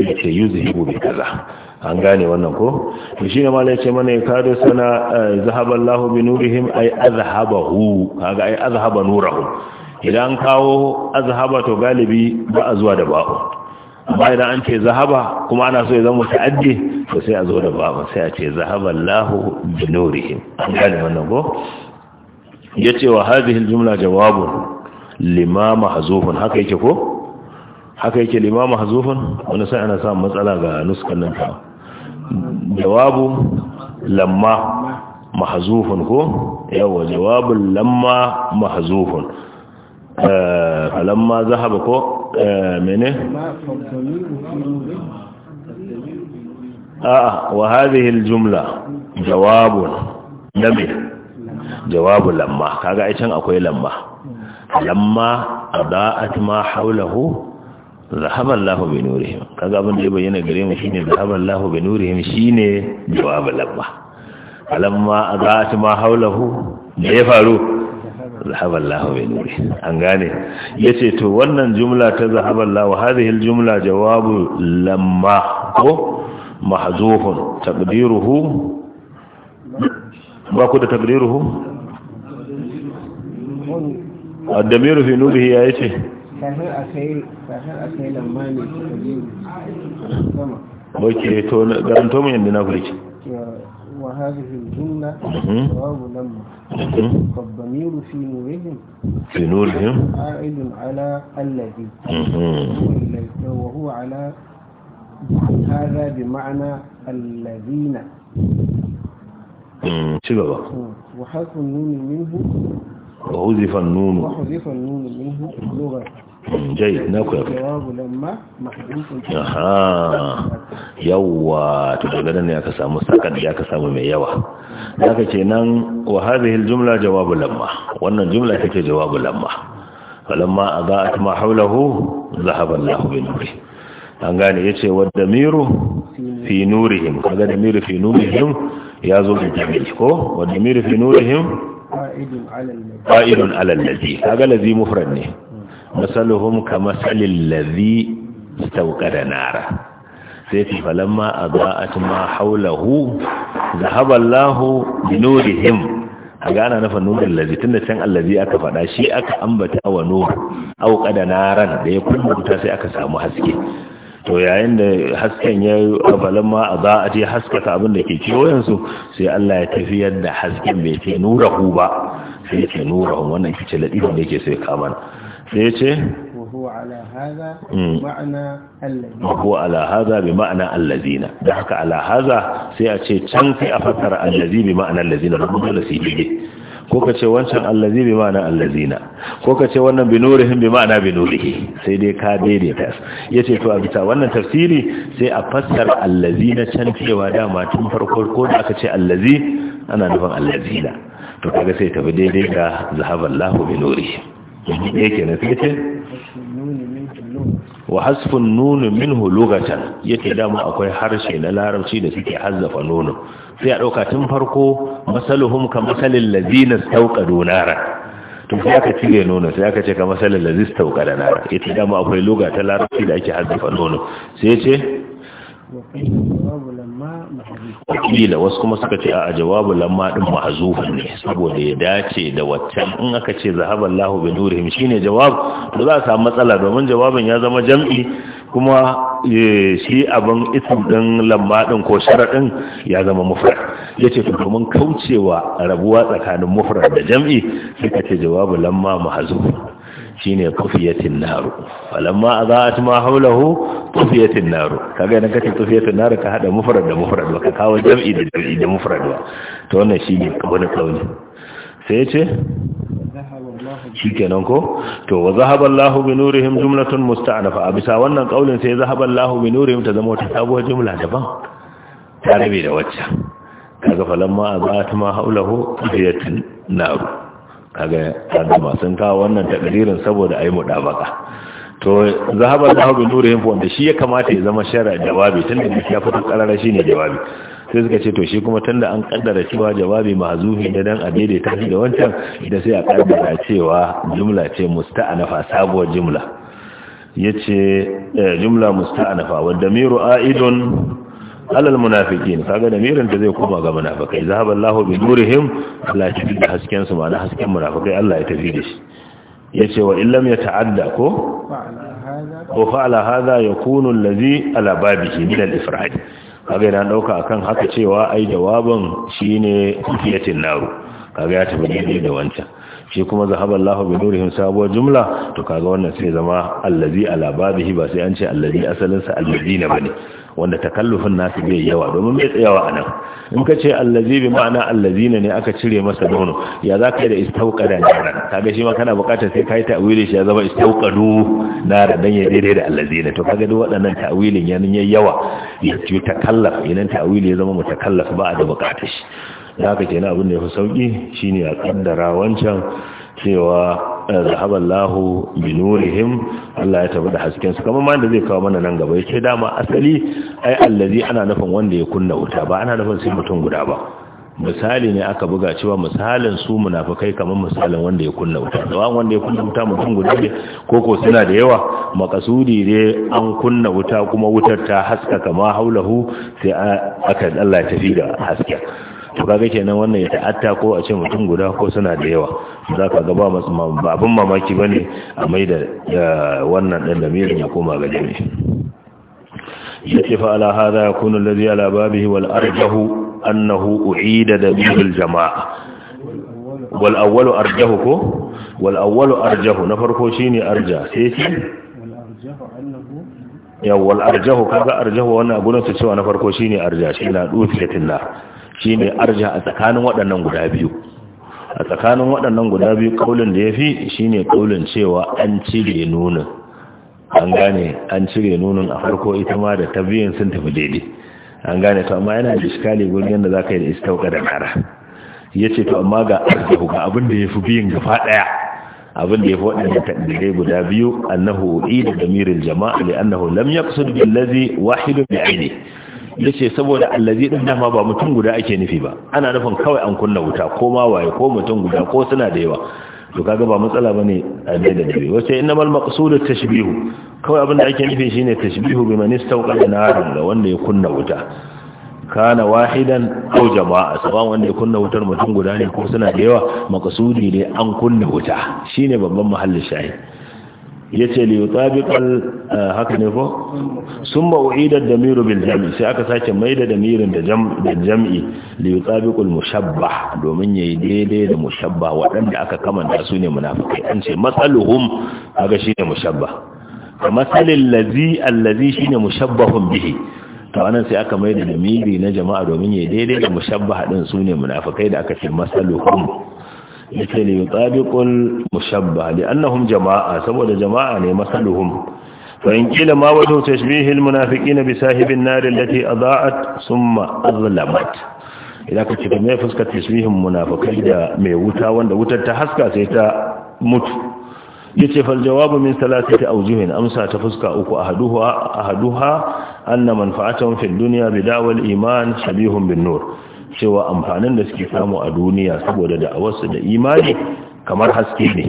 sai ce yuzhibu bi kaza an gane wannan ko to shine malai ce mana ya kare sana eh, zahaballahu bi nurihim ay azhabahu kaga ay azhaba nurahum idan kawo azhaba to galibi ba a zuwa da bawo amma idan an ce zahaba kuma ana so ya zama ta'addi to sai a zo da babu sai a ce zahaballahu nurihi an gane wannan go yace wa hadhihi aljumla jawabun lima mahzufun haka yake ko haka yake lima mahzufun wannan sai ana samu matsala ga nuskan nan ta jawabu lamma mahzufun ko yawa jawabun lamma mahzufun eh lamma zahaba ko eh, mene a'a wa hadhihi aljumla jawabun nabi jawabu lamma kaga ai can akwai lamma lamma adaat ma hawlahu zahaba Allahu bi nurihim kaga abin da ya bayyana gare mu shine zahaba Allahu bi nurihim shine jawabu lamma lamma adaat ma hawlahu da ya faru zahaballahu bi nuri an gane yace to wannan jumla ta zahaballahu hadhihi aljumla jawabu lamma ko mahzuhun taqdiruhu ba ku da taqdiruhu ad-damiru fi nurihi ya yace kafin akai kafin akai lamma ne taqdiru sama oke to garanto mun yanda na kurki وهذه الجملة جواب لما فالضمير في نورهم في نورهم عائد على الذي وهو على هذا بمعنى الذين شبابا وحذف النون منه وحذف النون وحذف النون منه لغة yawa to daga nan samu sakar da samu mai yawa zaka ce nan a hadhihi aljumla jawabu lamma wannan jumla take jawabu lamma falamma adaat ma hawlahu dhahaba Allahu bi nuri an gane ce wadda miru fi nurihim kaga da miru fi nurihim ya zo da jami'i ko wadda miru fi nurihim fa'idun ala allazi kaga lazi mufrad ne masaluhum kamasalil sauƙa da nara sai ce falamma aba'at ma haulahu zahaba Allahu bi nurihim a gana na nurin lazi tun da can allazi aka faɗa shi aka ambata wa nuhu auƙa da naran da ya kunna sai aka samu haske to yayin da hasken ya yi abalin ma a za a je haskaka abin da ke kewayensu sai Allah ya tafi yadda hasken bai ce nura hu ba sai ce nura hu wannan kice laɗifin da yake sai kamar sai ya ce وهو على هذا بمعنى الذين da haka alahaza sai a ce can sai a fassara allazi bi ma'anar allazina rubutu da sibige ko ka ce wancan allazi bi ma'ana allazina ko ka ce wannan bi nurihim bi ma'ana bi sai dai ka daidaita yace to a bisa wannan tafsiri sai a fassar allazina can cewa dama tun farko ko da aka ce allazi ana nufin allazina to kaga sai ta tafi daidai ga zahaballahu bi yake na sai ce wa hasfun nunu minhu lugatan yake dama akwai harshe na larabci da suke hazzafa nunu sai a ɗauka tun farko masaluhum ka masalin lazina ɗauka donara to sai aka cire nono sai aka ce ka masalin lazis ɗauka da nara ita dama akwai loga ta larabci da ake haddafa nono sai ce wakila wasu kuma suka ce a jawabu lamma din ma'azufin ne saboda ya dace da waccan in aka ce zahaballahu bi nurihim shine jawab to za a samu matsala domin jawabin ya zama jam'i kuma eh, shi abin isim ɗin lamma ko sharaɗin ya zama mufrad ya ce domin kaucewa rabuwa tsakanin mufrad da jam'i suka ce jawabu lamma mahazu shine kufiyatin naru falamma ci ma hawlahu kufiyatin naru kaga idan kace kufiyatin naru ka haɗa mufrad da mufrad ba ka kawo jam'i da jam'i da mufrad ba ta wannan shine wani kauli sai ya ce shikenan ko to wa zahaba Allah bi nurihim jumlatun musta'nafa a bisa wannan kaulin sai zahaba Allah bi nurihim ta zama ta sabuwar jumla daban ta rabe da wacce kaga falamma azat ma haulahu fiyatun nar kaga adama sun kawo wannan takdirin saboda da baka to zahaba Allah bi nurihim wanda shi ya kamata ya zama shar'a jawabi tunda ya fito kararashi ne jawabi sai suka ce to shi kuma tunda an kaddara cewa jawabi mahzufi ne dan a daidaita shi da wancan da sai a kaddara cewa jumla ce musta'anafa sabuwar jumla yace eh, jumla musta'anafa wa damiru a'idun alal munafiqin kaga damirin da zai koma ga munafikai zahaba Allahu bi nurihim Allah ya hasken su ma'ana hasken munafikai Allah ya tafi da shi yace wa illam yata'adda ko ko fa'ala hadha yakunu allazi ala babihi min al-ifrad kaga yana dauka akan haka cewa ai jawaban shine kufiyatin naru kaga ya tafi dai da wancan shi kuma zahaba Allahu bi nurihim sabuwar jumla to kaga wannan sai zama allazi ala babihi ba sai an ce allazi asalin sa ba bane wanda takallufin nasu bai yawa domin bai tsayawa a nan in ka ce allazi bi ma'ana allazina ne aka cire masa nono ya za ka yi da istauqada naran kaga shi ma kana buƙatar sai ka yi ta'wili shi ya zama istauqadu nara dan ya daidai da allazina to kaga duk waɗannan ta'wilin ya nan yawa ya ci takallaf idan ta'wili ya zama mutakallaf ba a da buƙatar shi ka ce kenan abin da ya fi sauki shine a kaddara wancan cewa eh, zahabar lahu bi nurihim Allah ya tafi da hasken su kamar ma da zai kawo mana nan gaba ce dama asali ai allazi ana nufin wanda ya kunna wuta ba ana nufin sai mutum guda ba misali ne aka buga cewa misalin su munafikai kamar misalin wanda ya kunna wuta da wanda ya kunna wuta mutum guda ne ko suna da yawa makasudi ne an kunna wuta kuma wutar ta haska kama haulahu sai aka Allah ya tafi da hasken to kaga kenan wannan ya ta'atta ko a ce mutum guda ko suna da yawa za ka gaba masu babin mamaki bane a mai da wannan ɗan lamirin ya koma ga ce fa’ala fa za ya yakunu lalzi ala babihi Wal'arjahu, annahu u'ida da bil jama'a wal’awwalu arjahu ko wal’awwalu arjahu na farko shi ne arja sai shi ya wal arjahu kaga arjahu wannan abunan su cewa na farko shi ne arja shi na dukiyatin nar shi ne arja a tsakanin waɗannan guda biyu a tsakanin waɗannan guda biyu kaulin da ya fi shi ne kaulin cewa an cire nunin an gane an cire nunin a farko ita ma da ta biyun sun tafi daidai an gane to amma yana da iskali gurin yadda za ka yi da istauka da kara ya ce to amma ga arzahu ga abin da ya fi biyun gaba ɗaya abin da ya fi waɗanda taɗirai guda biyu annahu ida da mirin jama'a da annahu lam yaqsud billazi wahidun bi aini ya ce saboda allazi ɗin dama ba mutum guda ake nufi ba ana nufin kawai an kunna wuta ko ma waye ko mutum guda ko suna da yawa to kaga ba matsala bane a da dabi wace innamal maqsud at-tashbihu kawai abin da ake nufi shine tashbihu bi man istawqa naran da wanda ya kunna wuta kana wahidan aw jama'a saban wanda ya kunna wutar mutum guda ne ko suna da yawa maqsudi ne an kunna wuta shine babban mahallin shahid ya ce liyu tsabiƙal eh, haka ne ko sun ba da damiru bil jam'i sai aka sake mai da damirin da jam'i liyu tsabiƙul mushabba domin ya yi daidai da mushabba waɗanda aka kamanta su ne munafukai an ce matsaluhum aga shi ne mushabba da matsalin lazi allazi shi ne mushabbahun bihi ta wannan sai aka mai da damiri na jama'a domin ya yi daidai da mushabba haɗin su ne munafukai da aka ce matsaluhum yace li yutabiqul mushabba li annahum jama'a saboda jama'a ne masaluhum fa in kila ma wajhu tashbihil munafiqina bi sahibin nar allati adaa'at thumma azlamat idan ka cika mai fuskar Tashbihin munafikai da mai wuta wanda wutar ta haska sai ta mutu yace fal jawabu min salatati awjuhin amsa ta fuska uku ahaduha ahaduha anna manfa'atuhum fid dunya bidawal iman shabihun bin nur cewa amfanin da suke samu a duniya saboda da'awarsu da imani kamar haske ne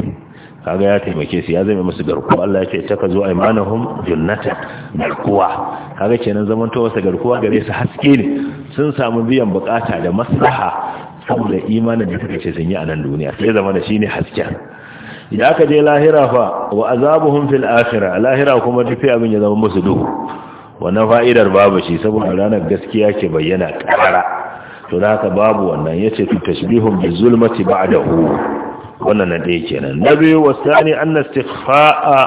kaga ya taimake su ya zama musu garkuwa Allah ya ce taka zo aimanahum jannata garkuwa kaga kenan zaman to wasa garkuwa gare su haske ne sun samu biyan bukata da maslaha saboda imanin da suka ce sun yi a nan duniya sai zama da shine hasken idan aka je lahira fa wa azabuhum fil akhirah lahira kuma duk abin ya zama musu duhu wannan fa'idar babu shi saboda ranar gaskiya ke bayyana karara to da haka babu wannan yace tu tashbihun bi zulmati ba'dahu wannan na ɗaya kenan na biyu wasani anna istighfa'a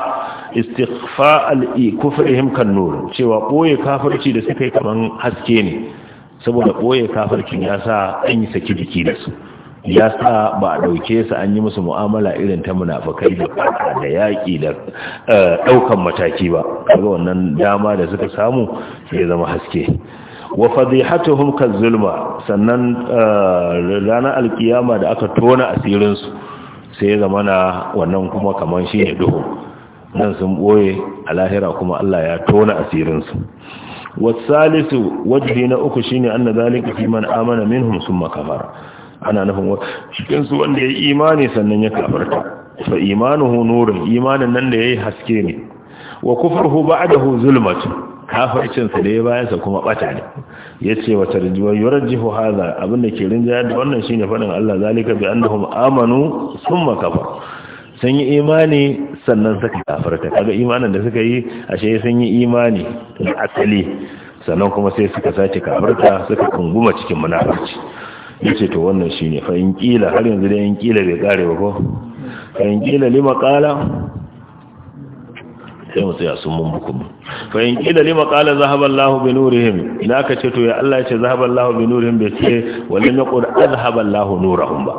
istighfa'a al-kufrihim kan nur cewa boye kafirci da suka yi kaman haske ne saboda boye kafirci ya sa an yi saki jiki da su ya sa ba a ɗauke su an yi musu mu'amala irin ta munafakai da fata da yaƙi da eh, ɗaukan mataki ba kaga wannan dama da suka samu ya zama haske wa fadihatuhum kazzulma sannan eh, ranar alkiyama da aka tona asirinsu sai ya zama na wannan kuma kamar shi ne duhu nan sun boye a lahira kuma Allah ya tona asirinsu wasalisu wajibi na uku shine anna zalika fi man amana minhum summa kafara ana nufin cikin su wanda ya imani sannan ya kafarta fa imanuhu nurun imanin nan da yayi haske ne wa kufruhu ba'dahu zulmatun kafircinsa da ya sa kuma bata ne ya ce wata rijiwa yurajjihu hadha abin da ke rinjaya da wannan shine faɗin Allah zalika bi annahum amanu sun kafar sun yi imani sannan suka kafarta kaga imanin da suka yi ashe sun yi imani tun asali sannan kuma sai suka sace kafarta suka kunguma cikin munafurci yace to wannan shine fa in kila har yanzu da in kila bai kare ba ko fa kila lima qala sai mu tsaya sun mun buku fa in kila lima qala zahaba Allahu bi nurihim ina ka ce to ya Allah ce zahabar Allahu bi nurihim bai ce wani walam yaqul azhaba Allahu nurahum ba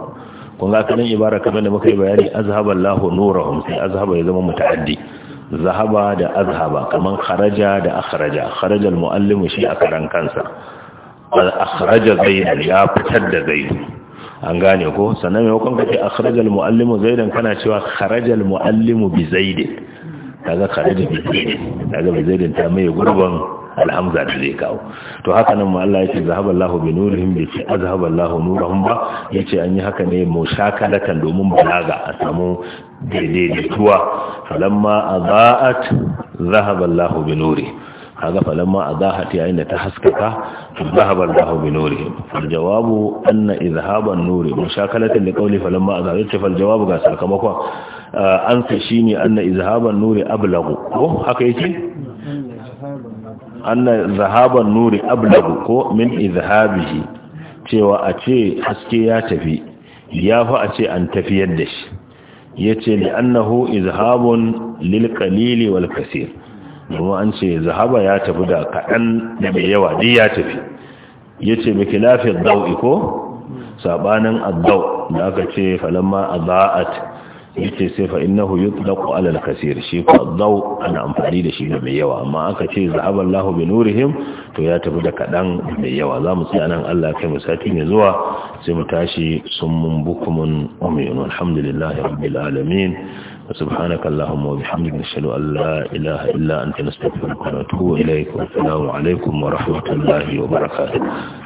kun ga kanin ibara kamar da muka yi bayani azhaba Allahu nurahum sai azhaba ya zama muta'addi zahaba da azhaba kaman kharaja da akhraja kharaja al-muallim shi a karan kansa akhraja zaidan ya fitar da zaidu an gane ko sannan maimakon ka ce akhrajal muallimu zaidan kana cewa kharajal muallimu bi zaidin kaga kare da bizaidin kaga zai ta mai gurban alhamza da zai kawo to haka nan ma Allah ya ce Allah bi nurihim bi ce Allah nurahum ba yace an yi haka ne mushakalatan domin balaga a samu daidaituwa falamma adaat Allah bi nuri kaga falamma adahat ya inda ta haskaka ذهب الله بنورهم فالجواب أن إذهاب النور مشاكلة لقوله فلما fal jawabu ga كما an shi ne an na izhaban nuri ablagu ko haka yake na zahaban nuri ablagu ko min izhabihi cewa a ce haske ya tafi ya fa a ce an tafiyar da shi ya yace li an izhabun lil qalili wal kasir domin an ce zahaba ya tafi da kaɗan da mai yawa dai ya tafi ya ce miki lafi dau'i ko saɓanin addau da aka ce falamma a za'at yace sai fa innahu yutlaqu ala al-kaseer shi ko daw ana amfani da shi ne mai yawa amma aka ce zahaba Allahu bi nurihim to ya tafi da kadan mai yawa zamu tsaya anan Allah kai mu sati ne zuwa sai mu tashi summun bukumun umminu alhamdulillahi rabbil alamin سبحانك اللهم وبحمدك نشهد أن لا إله إلا أنت نستغفرك ونتوب إليك والسلام عليكم ورحمة الله وبركاته